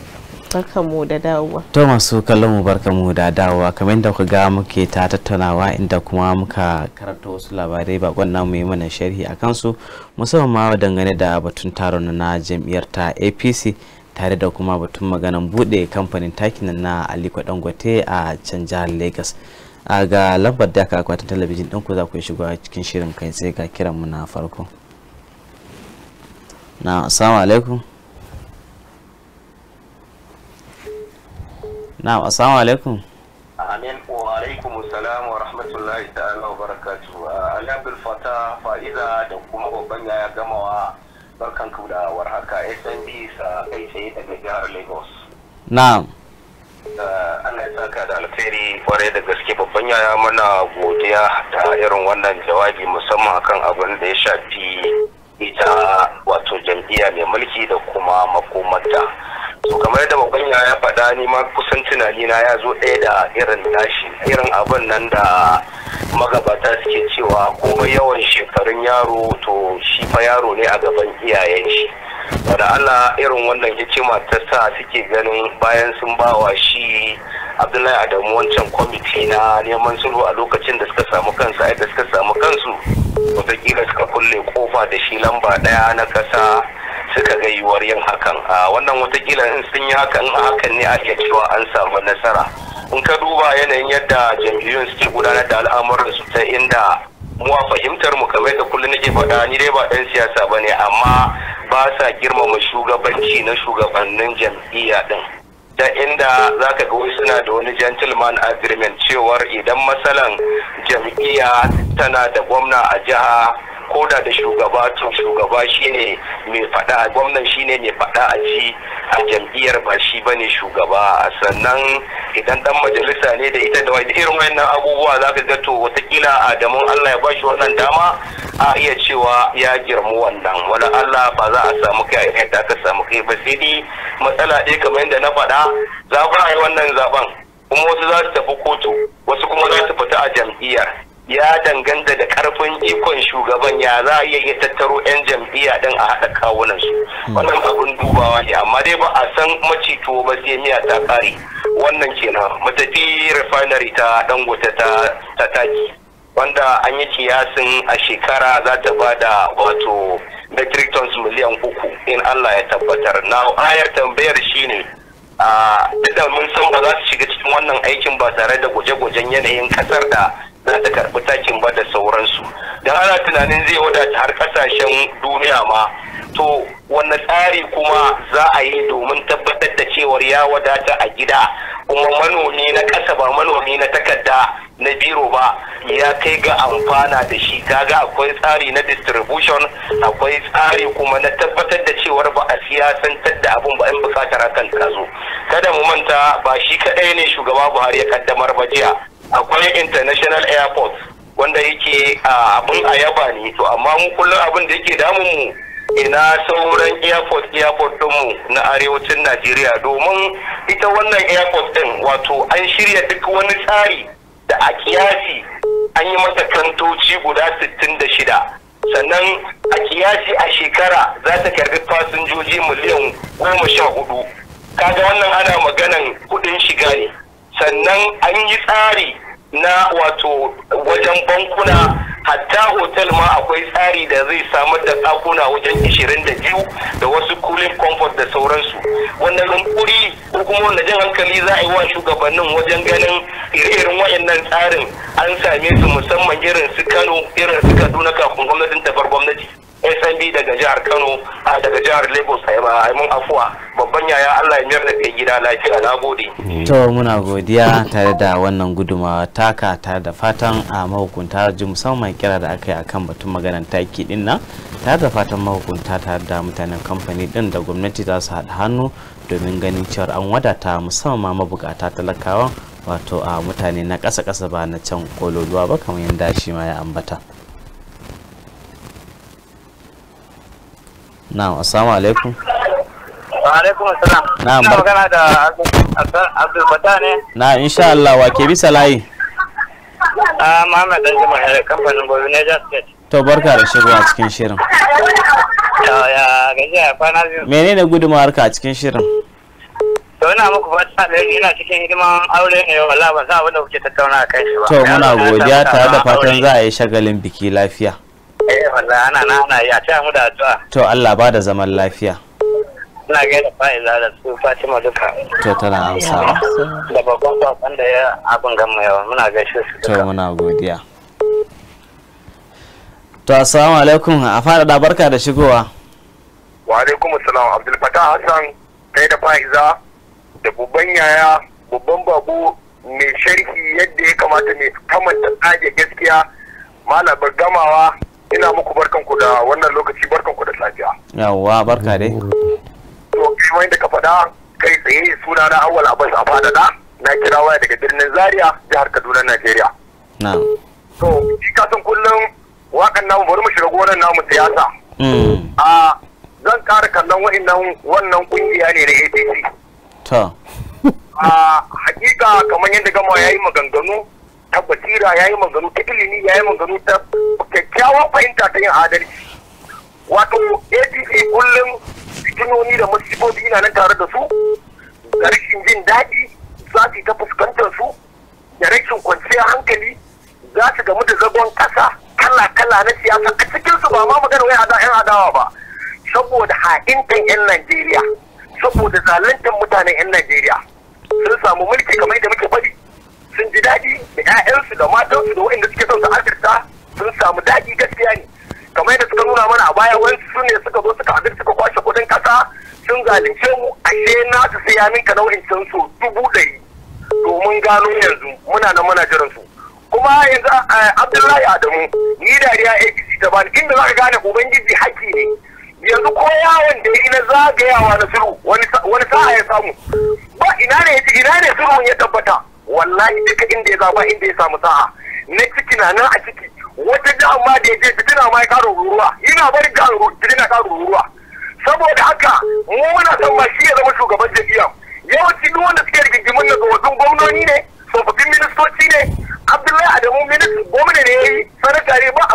barkamu da dawowa to masu kallon mu barkamu da dawowa kamar yadda kuka ga muke ta tattaunawa inda kuma muka karanta wasu labarai bakon mu yi mana sharhi a kansu musamman ma dangane da batun taron na jam'iyyar ta apc tare da kuma batun maganan bude kamfanin takin na aliko dangote a can jihar lagos a ga lambar da aka akwatin talabijin ku za ku shiga cikin shirin kai sai ga kiran mu na farko na assalamu alaikum na'am assalamu alaikum amin wa alaikum salam wa rahmatullahi ta'ala wa barakatuhu uh, bil fata fa'iza da kuma babban yaya gamawa barkan ku da warhaka SNB sa kai sai daga jihar Lagos na'am uh, Allah ya saka da alheri kwarai da gaske babban yaya muna godiya ta irin wannan jawabi musamman akan abin da ya shafi ita wato jam'iyya mai mulki da kuma makomarta to kamar yadda babban ya faɗa ni ma kusan tunani na ya zo ɗaya da irin nashi irin abin nan da magabata suke cewa kuma yawan shekarun yaro to shi fa yaro ne a gaban iyayen shi da Allah irin wannan hikima ta sa suke ganin bayan sun bawa shi Abdullahi Adamu wancan kwamiti na neman sulhu a lokacin da suka samu kansu a da suka samu kansu wataƙila suka kulle kofa da shi lamba ɗaya na ƙasa suka ga yiwuwar yin hakan a wannan watakila in sun yi hakan a hakan ne ake cewa an samu nasara in ka duba yanayin yadda jam'iyyun suke gudanar da al'amuran su ta inda mu a fahimtar mu kamar da kullum nake faɗa ni dai ba ɗan siyasa ba ne, amma ba sa girmama shugabanci na shugabannin jam'iyya din da inda za ka ga suna da wani gentleman agreement cewar idan matsalan jam'iyya tana da gwamna a jiha koda da shugaba to shugaba shine mai fada gwamnan shine mai fada a ji a jam'iyyar ba shi bane shugaba sannan idan dan majalisa ne da ita da wani irin wannan abubuwa za ka ga to watakila adamun Allah ya bashi wannan dama a iya cewa ya girmu wannan wala Allah ba za a samu kai a yadda aka samu kai ba sai dai matsala dai kamar yadda na faɗa za ku yi wannan zaben kuma wasu za su tafi kotu wasu kuma za su fita a jam'iyyar ya danganta da karfin ikon shugaban ya za a iya tattaro 'yan jam'iyya din a haɗa kawunan su hmm. wannan abin dubawa ne amma dai ba a san macito ba sai miya ta ƙare wannan kenan mu tafi refinery ta dangote ta ta taki wanda an yi kiyasin a shekara za ta ba da wato metric tons miliyan uku in Allah ya tabbatar na ayar tambayar shine a ah, da mun san ba za su shiga cikin wannan aikin ba tare da gwaje-gwajen yanayin kasar da za ta karɓi takin ba da sauransu don ana tunanin zai wadata har ƙasashen duniya ma to wanne tsari kuma za a yi domin tabbatar da cewar ya wadata a gida kuma manomi na ƙasa ba manomi na takarda na biro ba ya kai ga amfana da shi kaga akwai tsari na distribution akwai tsari kuma na tabbatar da cewar ba a siyasantar da abin ba in bukatar hakan ta zo kada mu manta ba shi kaɗai ne shugaba buhari ya kaddamar ba jiya akwai international airport wanda yake a abin a yaba ne to amma mu kullum abin da yake damun mu ina sauran airport airport mu na arewacin najeriya domin ita wannan airport din wato an shirya duk wani tsari da a kiyasi an yi masa kantoci guda 66 sannan a kiyasi a shekara za ta karbi fasinjoji miliyan goma sha hudu kaga wannan ana maganan kudin shiga ne sannan an yi tsari na wato wajen bankuna hatta hotel ma akwai tsari da zai samar da ɗakuna wajen 22 da wasu cooling comfort da sauransu wannan yunkuri ko kuma jan hankali za a yi wa shugabannin wajen ganin irin iren wayannan tsarin an same su musamman irin su kano irin su kaduna kafin gwamnatin tafar gwamnati SND daga jihar Kano daga jihar Lagos a mun afuwa babban yaya Allah ya mayar da kai gida lafiya na gode. To muna godiya tare da wannan gudumawa taka tare da fatan a mahukunta ji musamman kira da aka yi akan batun maganar taki din nan tare da fatan mahukunta tare da mutanen kamfani din da gwamnati za su haɗa hannu domin ganin cewar an wadata musamman mabukata talakawa wato a mutane na ƙasa-ƙasa ba na can kololuwa ba kamar yadda shi ma ya ambata. na'am assalamu alaikum alaikum assalam na'am ba kana da Abdul Fatah ne na insha Allah wa ke bisa layi ah Muhammad dan Jama'a, ne kamfanin Bobi Niger State to barka da shigo a cikin shirin menene gudunmawar ka a cikin shirin to ina muku fata da ina cikin hidiman aure ne wallahi ba za a da kuke tattauna a kai shi ba to muna godiya tare da fatan za a yi shagalin biki lafiya eh wallahi ana na ana yi a taya mu da addu'a to Allah ba da zaman lafiya ina ga da fa'iza da su Fatima duka to tana amsa. da babban babban da ya abin gama yawa muna gaishe su to muna godiya to assalamu alaikum a fara da barka da shigowa wa alaikum assalam Abdul Fattah Hassan kai da fa'iza da babban yaya babban babu mai sharhi yadda ya kamata mai kamanta tsage gaskiya malabar gamawa ina muku barkanku da wannan lokaci barkanku da safiya yawwa barka dai to kamar da ka faɗa kai tsaye suna na awwal abbas a fadada na kira waya daga birnin zaria jihar kaduna najeriya na'am to shi ka san kullum wakan namu bari mu shiga gonan namu siyasa mm. a zan kara kallon wa'annan wannan kungiya ne na APC to a hakika kamar yadda gama yayi maganganu ta basira ya yi maganu ta ilimi ya yi maganu ta kyakkyawan fahimta ta yin adalci wato apc kullum fitinoni da masifobi na nan tare da su da rashin jin daɗi za su ta fuskantar su da rashin kwanciyar hankali za su gamu da zagon ƙasa kala-kala na siyasa a cikinsu ba ma magana wai a 'yan adawa ba saboda ha'intan 'yan najeriya saboda zaluntar mutanen 'yan najeriya sun samu mulki kamar da muke faɗi sun ji daɗi da 'ya'yansu da matansu da waɗanda suke son su azurta sun samu daɗi gaskiya ne kamar yadda suka nuna mana a baya wani su ne suka zo suka azurta suka kwashe kuɗin ƙasa sun zalunce mu ashe na su sai ya minka nau'in can so dubu ɗari domin gano yanzu muna nan muna jiran su kuma yanzu abdullahi adamu ni dariya apc ta bani inda za ka gane ubangiji haƙƙi ne yanzu ko yawon da yi zagayawa na suru wani sa'a ya samu ba ina ne ina ne surun ya tabbata wallahi duka inda ya zaba inda ya samu sa'a na ciki na nan a ciki wata da amma da ya je fitina ma ya karo ruruwa ina bari ga fitina karo ruruwa saboda haka mu muna son ma shi ya zama shugaban jam'iyya yawanci duk wanda suke rigingimin na wajen gwamnoni ne tsofaffin ministoci ne abdullahi adamu minista gwamna ne ya yi sanata ne ba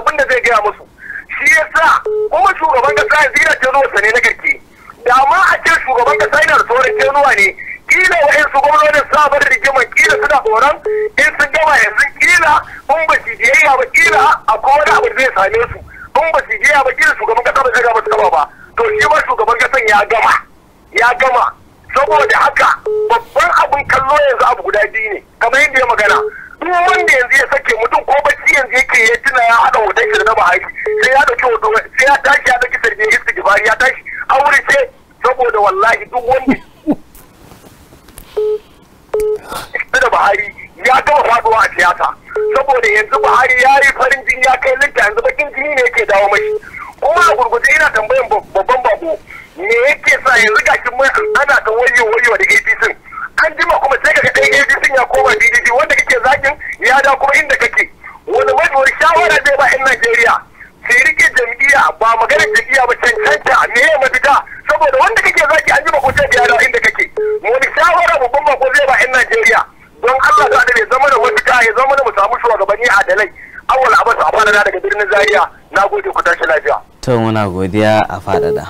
ka na gode ku tashi lafiya to muna godiya a faɗaɗa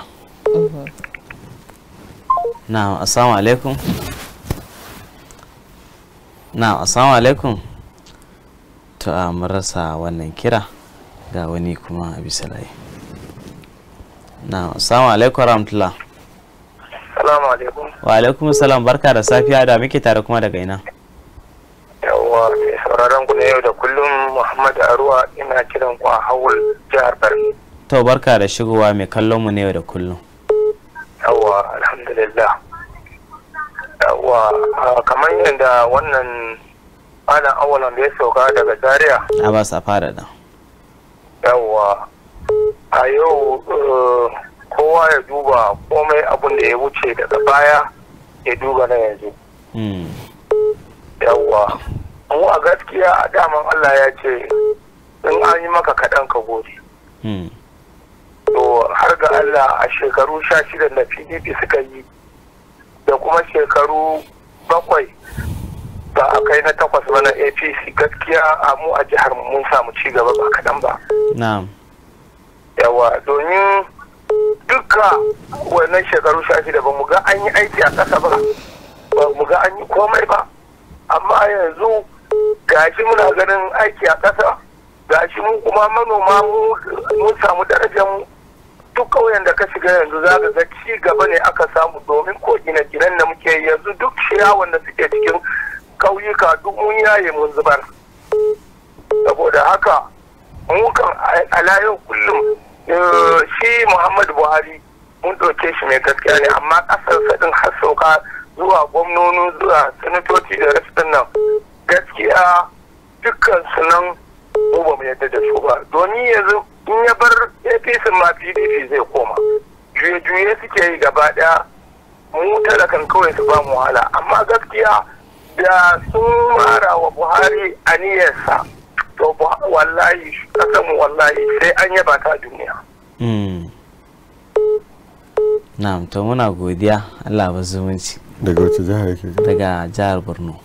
na'am assalamu alaikum na'am assalamu alaikum to a marasa wannan kira ga wani kuma a bisa layi na'am assalamu alaikum rahmatullah assalamu alaikum wa alaikum salam barka da safiya da muke tare kuma daga ina yawwa sauraron ku na yau da kullum Muhammad Aruwa ina kiran ku a Hawul jihar Barno. To barka da shigowa mai kallon mu na yau da kullum. Yawwa alhamdulillah. Yawwa kamar yadda wannan ana awalan da ya sauka daga Zaria. A ba sa fara da. Yawwa a yau uh, kowa ya duba komai abun da ya wuce daga baya ya duba na yanzu. Hmm. Yawwa. mu a gaskiya a daman Allah ya ce in an yi maka kaɗan ka gode hmm. to har ga Allah a shekaru sha shida na PDP suka yi da kuma shekaru bakwai ba a kai na takwas ba na APC gaskiya a mu a jihar mun samu ci gaba ba kaɗan ba yawa domin duka wannan shekaru sha shida ba mu ga an yi aiki a ƙasa ba ba mu ga an yi komai ba amma yanzu gashi muna ganin aiki a ƙasa gashi mun kuma manoma mun samu darajar duk ƙauyen da ka shiga yanzu za ka ga ci gaba ne aka samu domin ko gine-ginen da muke yanzu duk ciyawan da suke cikin kauyuka duk mun yaye mun zubar saboda haka mu kan alayin kullum eh, shi muhammadu buhari mun ɗauke shi mai gaskiya ne amma ƙasar sadin har sauka zuwa gwamnoni zuwa sanatoci da rashidin nan gaskiya dukkan su nan mu ba mu yadda da su ba domin yanzu in ya bar apc ma pdp zai koma juye-juye suke yi gaba daya mu talakan kawai su ba mu wahala amma gaskiya da sun mara wa buhari aniyarsa to wallahi kasan wallahi sai an yaba ta duniya hmm. na'am to muna godiya allah ba zumunci daga wace jihar daga jihar borno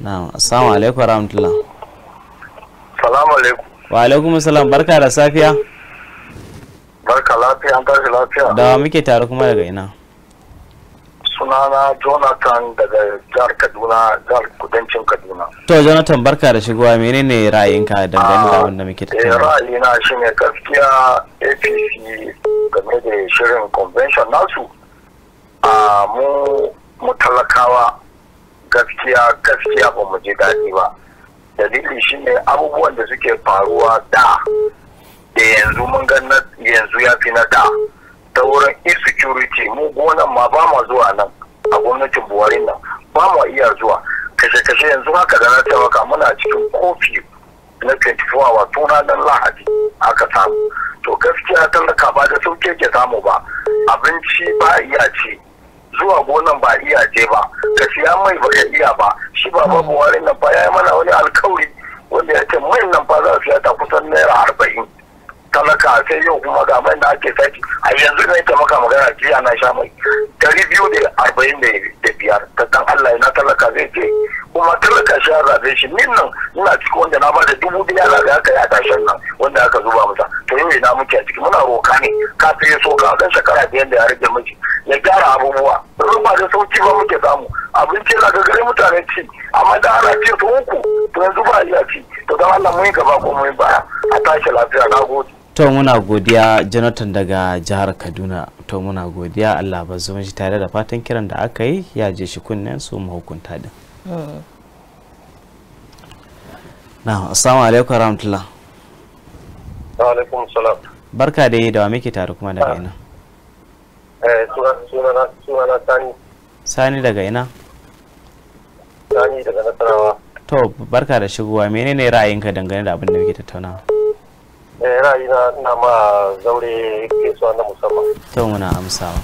na'am assalamu alaikum warahmatullah Assalamu alaikum wa alaikum salam barka da safiya barka lafiya an tashi lafiya da muke tare kuma daga ina sunana jonathan daga jihar kaduna jihar kudancin kaduna to jonathan barka da shigowa menene ra'ayinka dangane da abin da muke tattauna ah, eh, ra'ayina shine gaskiya apc game da shirin convention nasu Ah mu mu talakawa gaskiya gaskiya ba mu ji daɗi ba dalili shine abubuwan da suke faruwa da da yanzu mun ga yanzu ya fi na da ta wurin insecurity mu gonan ma ba ma zuwa nan a gwamnatin buhari nan ba ma iya zuwa kashe-kashe yanzu haka da na taimaka muna cikin kofi na 24 hour tun nan lahadi aka samu to gaskiya talaka ba da sauke ke samu ba abinci ba iya ci zuwa gonan ba iya je ba ka siya mai ba iya ba shi ba babu warin nan ba ya yi mana wani alkawari wanda ya ce mai nan ba za su ya ta kusan naira arba'in talaka sai yau kuma ga mai da ake saki a yanzu zai ta maka magana jiya na sha mai dari biyu da arba'in da biyar ta dan Allah na talaka zai ce kuma talaka shi ya zabe shi min nan ina ciki wanda na bada dubu biya zabe aka yi a tashin nan wanda aka zuba masa to yau ina muke a ciki muna roka ne ka sai so ka dan shekara biyar da ya rage miki ya gyara abubuwa ruwan ba da sauki ba muke samu abinci yana ga gare mutane ci amma da ana ce su uku to yanzu ba iya ci to don Allah mun gaba ko mun yi baya a tashi lafiya na gode to muna godiya Jonathan daga jihar Kaduna to muna godiya Allah ba zuwan shi tare da fatan kiran da aka yi ya je shi kunnen su mahukunta din na assalamu alaikum warahmatullah wa alaikum salam barka da yi da wa muke tare kuma daga ah. ina Eh, sunana sani sani daga ina sani daga nasarawa to barka da shigowa menene ra'ayinka dangane da abin da muke tattauna. eh ra'ayina ina ma zaure suwa na musamman to muna amsawa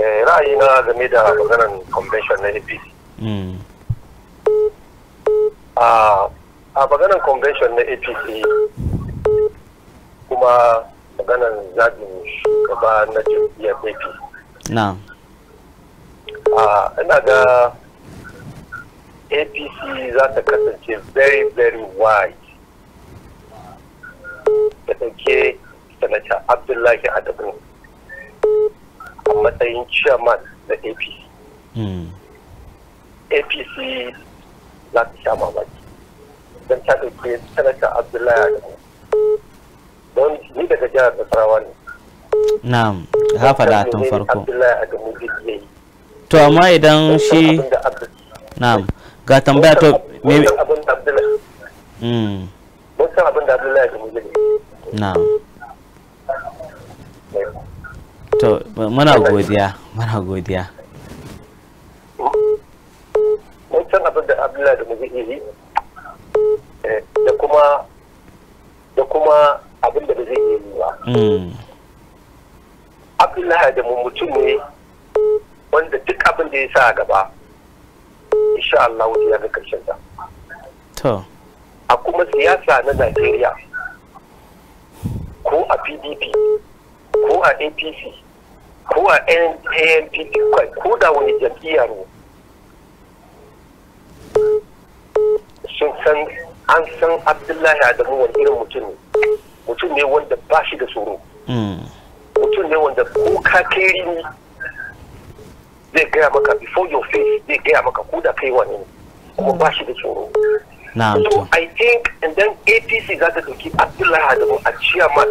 eh ra'ayina game da maganan convention na APC mm. a maganan convention na APC kuma maganar zaɓin shugaba na jam'iyyar AP. Na. ina ga APC za ta kasance very very wide da ɗauke sanata Abdullahi Adamu a matsayin chairman na APC. Hmm. APC za ta sha mamaki don ta ɗauke sanata Abdullahi Adamu don ni daga jihar nasarawa ne na'am ha faɗa tun farko to amma idan shi na'am ga tambaya to me mun san abin da abdullahi hmm. adamu zai na'am to muna godiya muna godiya mun san abin da abdullahi adamu eh, da kuma da kuma abdullahi adamu mutum ne wanda duk abin da ya sa gaba insha Allah wuce ya ga karshen ta to a kuma siyasa na Najeriya ko a PDP ko a APC ko a ANPP ko da wani jam'iyyar sun san an san Abdullahi Adamu wani irin mutum ne mutum ne wanda ba shi da tsoro hmm. mutum ne wanda ko ka kai rini zai gaya maka before your face zai gaya maka ko da kai wani ne kuma ba shi da tsoro so i think and then apc za ta dauki abdullahi adamu a chairman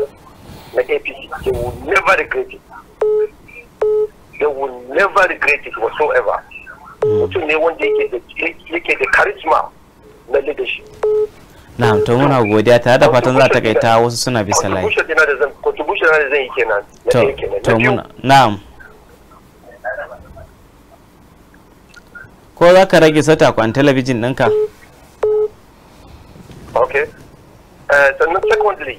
na apc they will never regret it they will never regret it whatsoever hmm. mutum ne wanda yake da charisma na leadership na'am to muna godiya tare da fatan za ta kaita wasu suna bisa layi contribution da zan yi kenan to muna na'am ko za ka rage sata kwan talabijin ɗinka ok sannan eh, secondly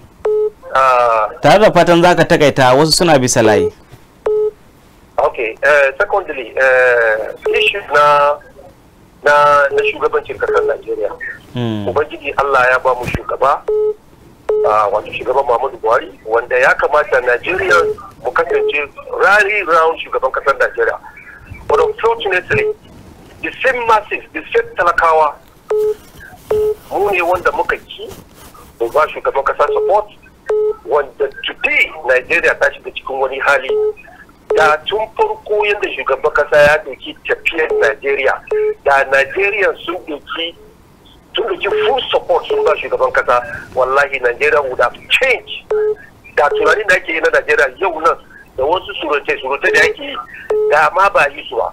ah, tare da fatan za ka takaita wasu suna bisa layi ok eh, secondly eh, issue na na shugabancin kasar nigeria Hmm. ubangiji Allah ya ba mu shugaba wato shugaban Muhammadu Buhari wanda ya kamata Najeriya mu kasance rally round shugaban kasar Najeriya but unfortunately the same masses the same talakawa mu ne wanda muka ki mu ba shugaban kasa support wanda today Najeriya ta shiga cikin wani hali da tun farko yadda shugaban kasa ya doki tafiyar Najeriya da Najeriya sun doki sun ɗauki full support sun ba shugaban kasa wallahi Najeriya would have changed da tunanin da ake yi na Najeriya yau nan da wasu surutai surutai da ake yi da ma ba yi su ba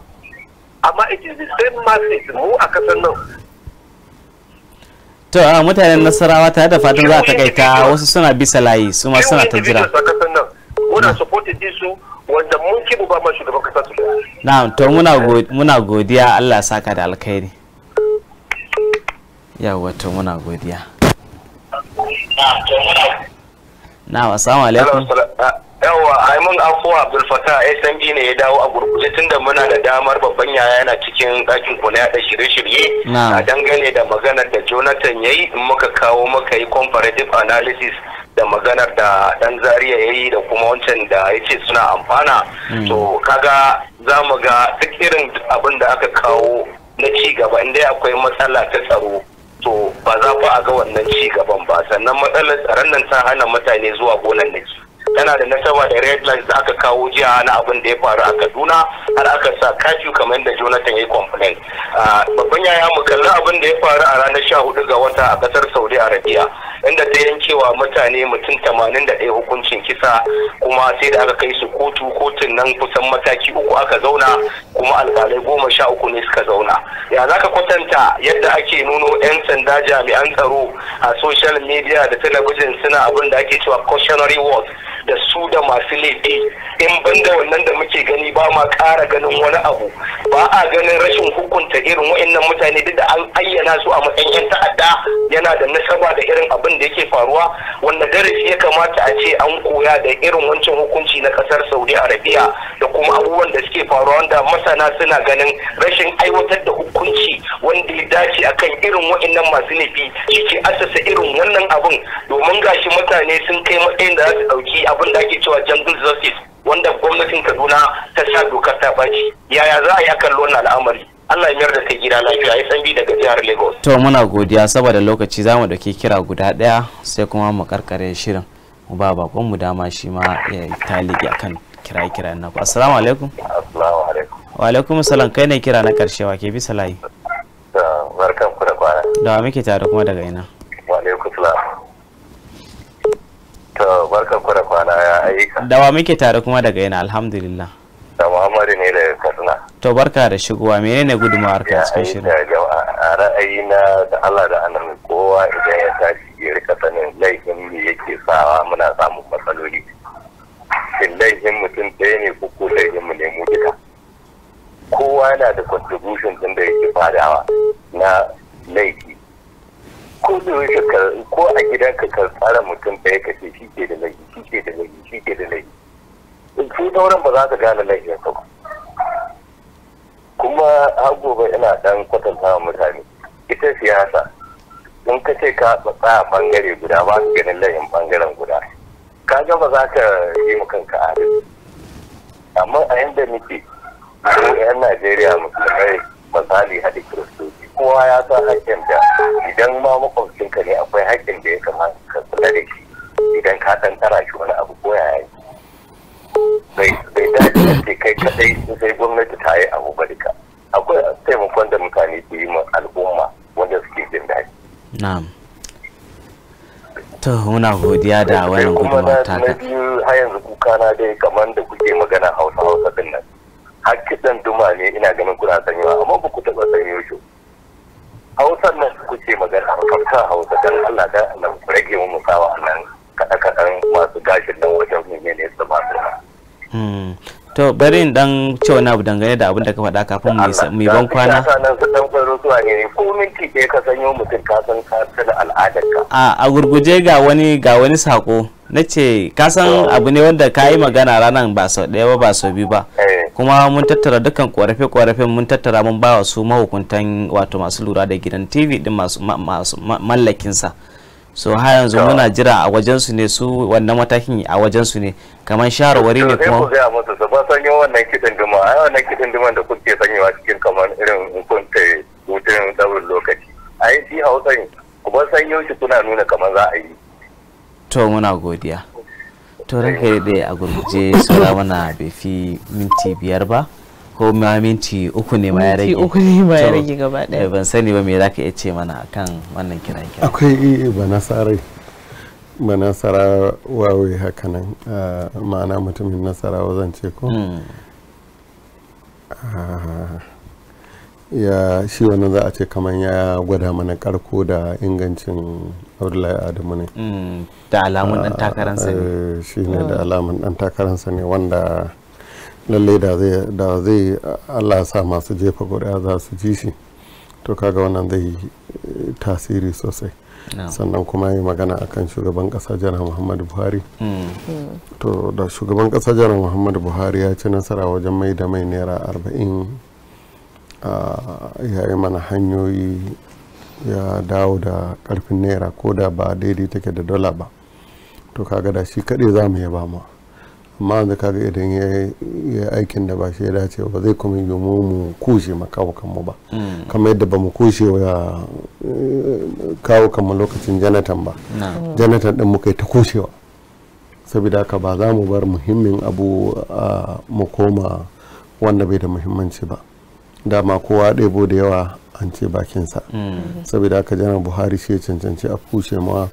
amma it is the same masses mu a kasar nan to a mutanen nasarawa tare da fatan za a takaita wasu suna bisa layi su ma suna ta jira muna mm. supported su wanda mun kibu ba ma shugaban kasa su na to muna godiya Allah saka da alkhairi yawa to muna godiya na samu alaikun ah, yawa aimun afuwa abdulfata smb ne ya dawo a gurguje tunda muna da damar babban yaya yana cikin ɗakin ku na shirye-shirye a dangane da maganar da jonathan ya yi in muka kawo maka yi comparative analysis da maganar da dan zaria ya yi da kuma wancan da ya ce suna amfana hmm. to kaga za mu ga duk irin abin da aka kawo na ci gaba inda akwai matsala ta tsaro to ba za fa a ga wannan ci gaban ba sannan matsalar tsaron nan ta hana mutane zuwa gonan gonannaki tana da nasaba da red lines da aka kawo jiya na abin da ya faru a kaduna har aka sa kaciu kamar yadda jonathan ya complain babban yaya mu kalli abin da ya faru a ranar sha hudu ga wata a kasar saudi arabia inda ta yankewa mutane mutum tamanin da ɗaya hukuncin kisa kuma sai da aka kai su kotu kotun nan kusan mataki uku aka zauna kuma alkalai goma sha uku ne suka zauna ya za ka kwatanta yadda ake nuno 'yan sanda jami'an tsaro a social media da talabijin suna abin da ake cewa cautionary words da su da masu laifi in banda wannan da muke gani ba ma ƙara ganin wani abu ba a ganin rashin hukunta irin wa'annan mutane duk da an ayyana su a matsayin 'yan ta'adda yana da nasaba da irin abin da yake faruwa wanda darasi ya kamata a ce an koya da irin wancan hukunci na kasar saudi arabia da kuma abubuwan da suke faruwa wanda masana suna ganin rashin aiwatar da hukunci wanda ya dace akan irin wa'annan masu laifi shi ke asasa irin wannan abin domin gashi mutane sun kai matsayin da za su ɗauki abin da ake cewa jungle justice wanda gwamnatin kaduna ta sha dokar ta baci yaya za a yi akan wannan al'amari Allah ya mayar da ta gida lafiya ya san bi daga jihar Lagos. To muna godiya saboda lokaci zamu dauki kira guda daya sai kuma mu karkare shirin mu ba bakon mu dama shi ma ya yi taliki akan kira kira na ku. Assalamu alaikum. Assalamu alaikum. Wa alaikum salam kai ne kira na karshe wa ke bisa layi. Da barkan ku da kwana. Da muke tare kuma daga ina. To barkan ku da kwana Dawa muke tare kuma daga yana alhamdulillah. Da Muhammadu ne da Katsina. To barka da shigowa menene gudunmawar ka cikin shirin? A ra'ayina da Allah da anan kowa idan ya tashi ya rika sanin laifin me yake sawa muna samun matsaloli. Shin laifin mutum ɗaya ne ko ko laifin mu ne mu duka? Kowa yana da contribution tunda da yake fadawa na laifi ko da ka ko a gida ka ka tsara mutum ɗaya ka ce shi ke da laifi shi ke da laifi shi ke da laifi su dauran ba za ka gane laifin ka ba kuma har gobe ina dan kwatanta wa mutane ita siyasa in ka ce ka tsaya bangare guda ba su ganin laifin bangaren guda ka ga ba za ka yi ma kanka adalci amma a yanda muke ko 'yan najeriya musulmai misali hadi kiristoci kowa ya san hakkin da idan ma makwabcinka ne akwai hakkin da ya kamata ka kula da shi idan ka san tara shi wani abu ko yaya bai dace a ce kai kadai sai gwamnati ta yi abu ba duka akwai taimakon da mutane ke yi ma al'umma wanda suke jin daɗi. na'am to muna godiya da wannan gudunmawar kuma na biyu har yanzu kuka na dai kamar da kuke magana hausa hausa din nan hakkin kiɗan duma ne ina ganin kuna sanyawa amma ba ku taɓa sanyo shi hausar nan kuke magana a hausa don allah da na rage mu musawa nan kaɗa kaɗan masu gashin nan wajen ne su masu hmm. to bari in dan ce wani abu dangane da abin da ka faɗa kafin mu ban kwana sanan ko minti ɗaya ka sanyo mutum ka san ka da al'adar ka a gurguje ga wani ga wani sako nace ka san abu ne wanda ka yi magana ranan ba sau ɗaya ba ba sau biyu ba eh. kuma mun tattara dukkan ƙorafe-ƙorafen mun tattara mun bawa su mahukuntan wato masu lura da gidan tv din masu mallakinsa so har yanzu muna jira a wajensu ne su wannan matakin a wajensu ne kamar shawarwari ne kuma ku gaya musu su ba sanyo wannan kiɗin duma ai wannan kiɗin duman da kuke sanyewa cikin kaman irin kun kai hutun daurin lokaci ai shi hausa ku ba sanyo shi kuna nuna kaman za a yi to muna godiya to ranka da a gurguje saura mana bai fi minti biyar ba ko ma minti uku ne ma ya rage minti uku ne ma ya rage gaba daya eh, ban sani ba me ka iya ce mana akan wannan kiran kiran akwai eh, ba nasara ba nasara wawai haka nan ah, ma'ana mutumin nasara zan ce ko hmm. ah, ya shi wani za a ce kamar ya gwada mana karko da ingancin abdullahi adamu ne mm, da alamun dan ah, takaransa ne eh, shi ne da ah. alamun dan takaransa ne wanda lallai da zai da allah sa masu jefa guda za su ji shi to kaga wannan zai yi eh, tasiri sosai ah. sannan kuma yi magana akan shugaban kasa jana muhammadu buhari mm. to da shugaban kasa jana muhammadu buhari ya ci nasara wajen mai da mai naira arba'in ya yi mana hanyoyi ya dawo da karfin naira ko da ba daidai take da dola ba to kaga da shi kaɗai za mu iya ba mu amma yanzu kaga idan ya aikin da ba shi ya dace ba zai kuma yi mu kushe ma kawo kanmu ba mm. kamar yadda ba mu kushe wa eh, kawo lokacin janatan ba mm. janatan din muka yi ta kushewa saboda haka ba za mu bar muhimmin abu mu koma wanda bai da muhimmanci ba dama kowa ɗebo da yawa an bakin sa mm. saboda aka janar buhari shi ya cancanci a kushe ma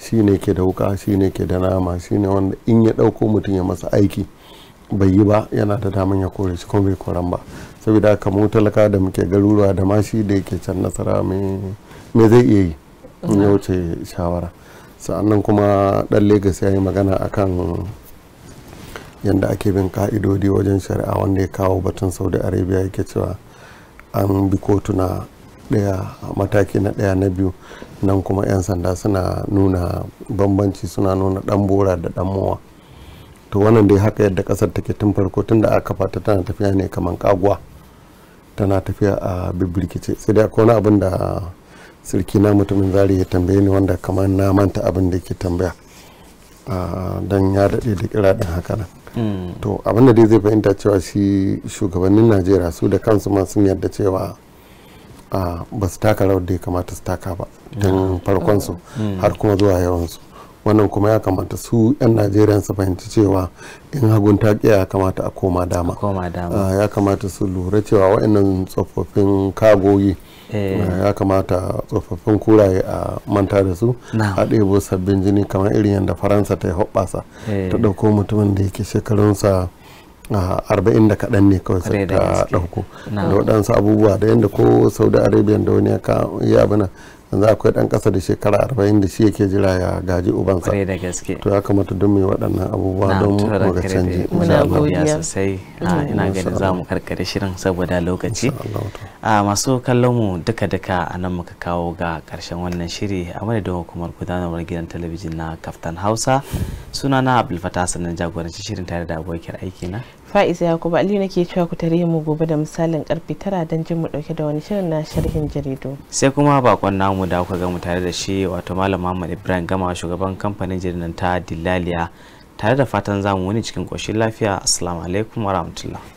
shi ne ke da wuka shi ne ke da nama shi ne wanda in ya ɗauko mutum ya masa aiki bai yi ba yana da daman ya kore shi kuma bai koran ba saboda aka mu talaka da muke garuruwa da ma shi da yake can nasara me zai iya yi in ya wuce shawara sa'annan kuma ɗan legas ya yi magana akan yadda ake bin ka'idodi wajen shari'a wanda ya kawo batun saudi arabia yake cewa an bi kotuna daya mataki na daya na biyu nan kuma 'yan sanda suna nuna bambanci suna nuna dan bora da dan mowa to wannan dai haka yadda kasar take tun farko tun da aka fata tana tafiya ne kamar kaguwa tana tafiya a bibirkice sai dai akwai wani abin da sirki na mutumin zari ya tambaye ni wanda kamar na manta abin da yake tambaya ah, don ya daɗe da kira ɗin haka nan to abinda dai zai fahimta cewa shi shugabannin najeriya su da kansu ma sun yadda cewa ba su taka rawar da ya kamata su taka ba don mm. farkonsu mm. har kuma zuwa yawansu wannan kuma ya kamata su 'yan najeriya su fahimci cewa in hagun ta ya kamata a koma dama ya kamata su lura cewa waɗannan tsofaffin kagoyi Eh. Eh, ya kamata tsofaffin kuraye a manta da su a ɗebo sabbin jini kamar irin yadda faransa ta yi hoɓɓasa eh. ta ɗauko mutumin da yake shekarunsa arba'in da kaɗan ne kawai sai ta ɗauko da waɗansu abubuwa da yadda ko saudi arabia da wani ya abuna yanzu akwai dan kasa da shekara arba'in da shi yake jira ya gaji ubansa to ya kamata don mai waɗannan abubuwa don muka canji muna godiya sosai ah, ina ganin za mu karkare shirin saboda lokaci ah, masu kallon mu duka duka a nan muka kawo ga karshen wannan shiri a madadin hukumar gudanarwar gidan talabijin na kaftan hausa sunana abdulfatah sannan jagoranci shirin tare da abokin aiki na fa'iza yakubu aliyu nake cewa ku tare mu gobe da misalin karfe tara don jin mu dauke da wani shirin na sharhin jaridu sai kuma bakon namu da kuka ga mu tare da shi wato malam muhammad ibrahim gama shugaban kamfanin jaridan ta dilaliya tare da fatan zamu wani cikin koshin lafiya assalamu alaikum warahmatullahi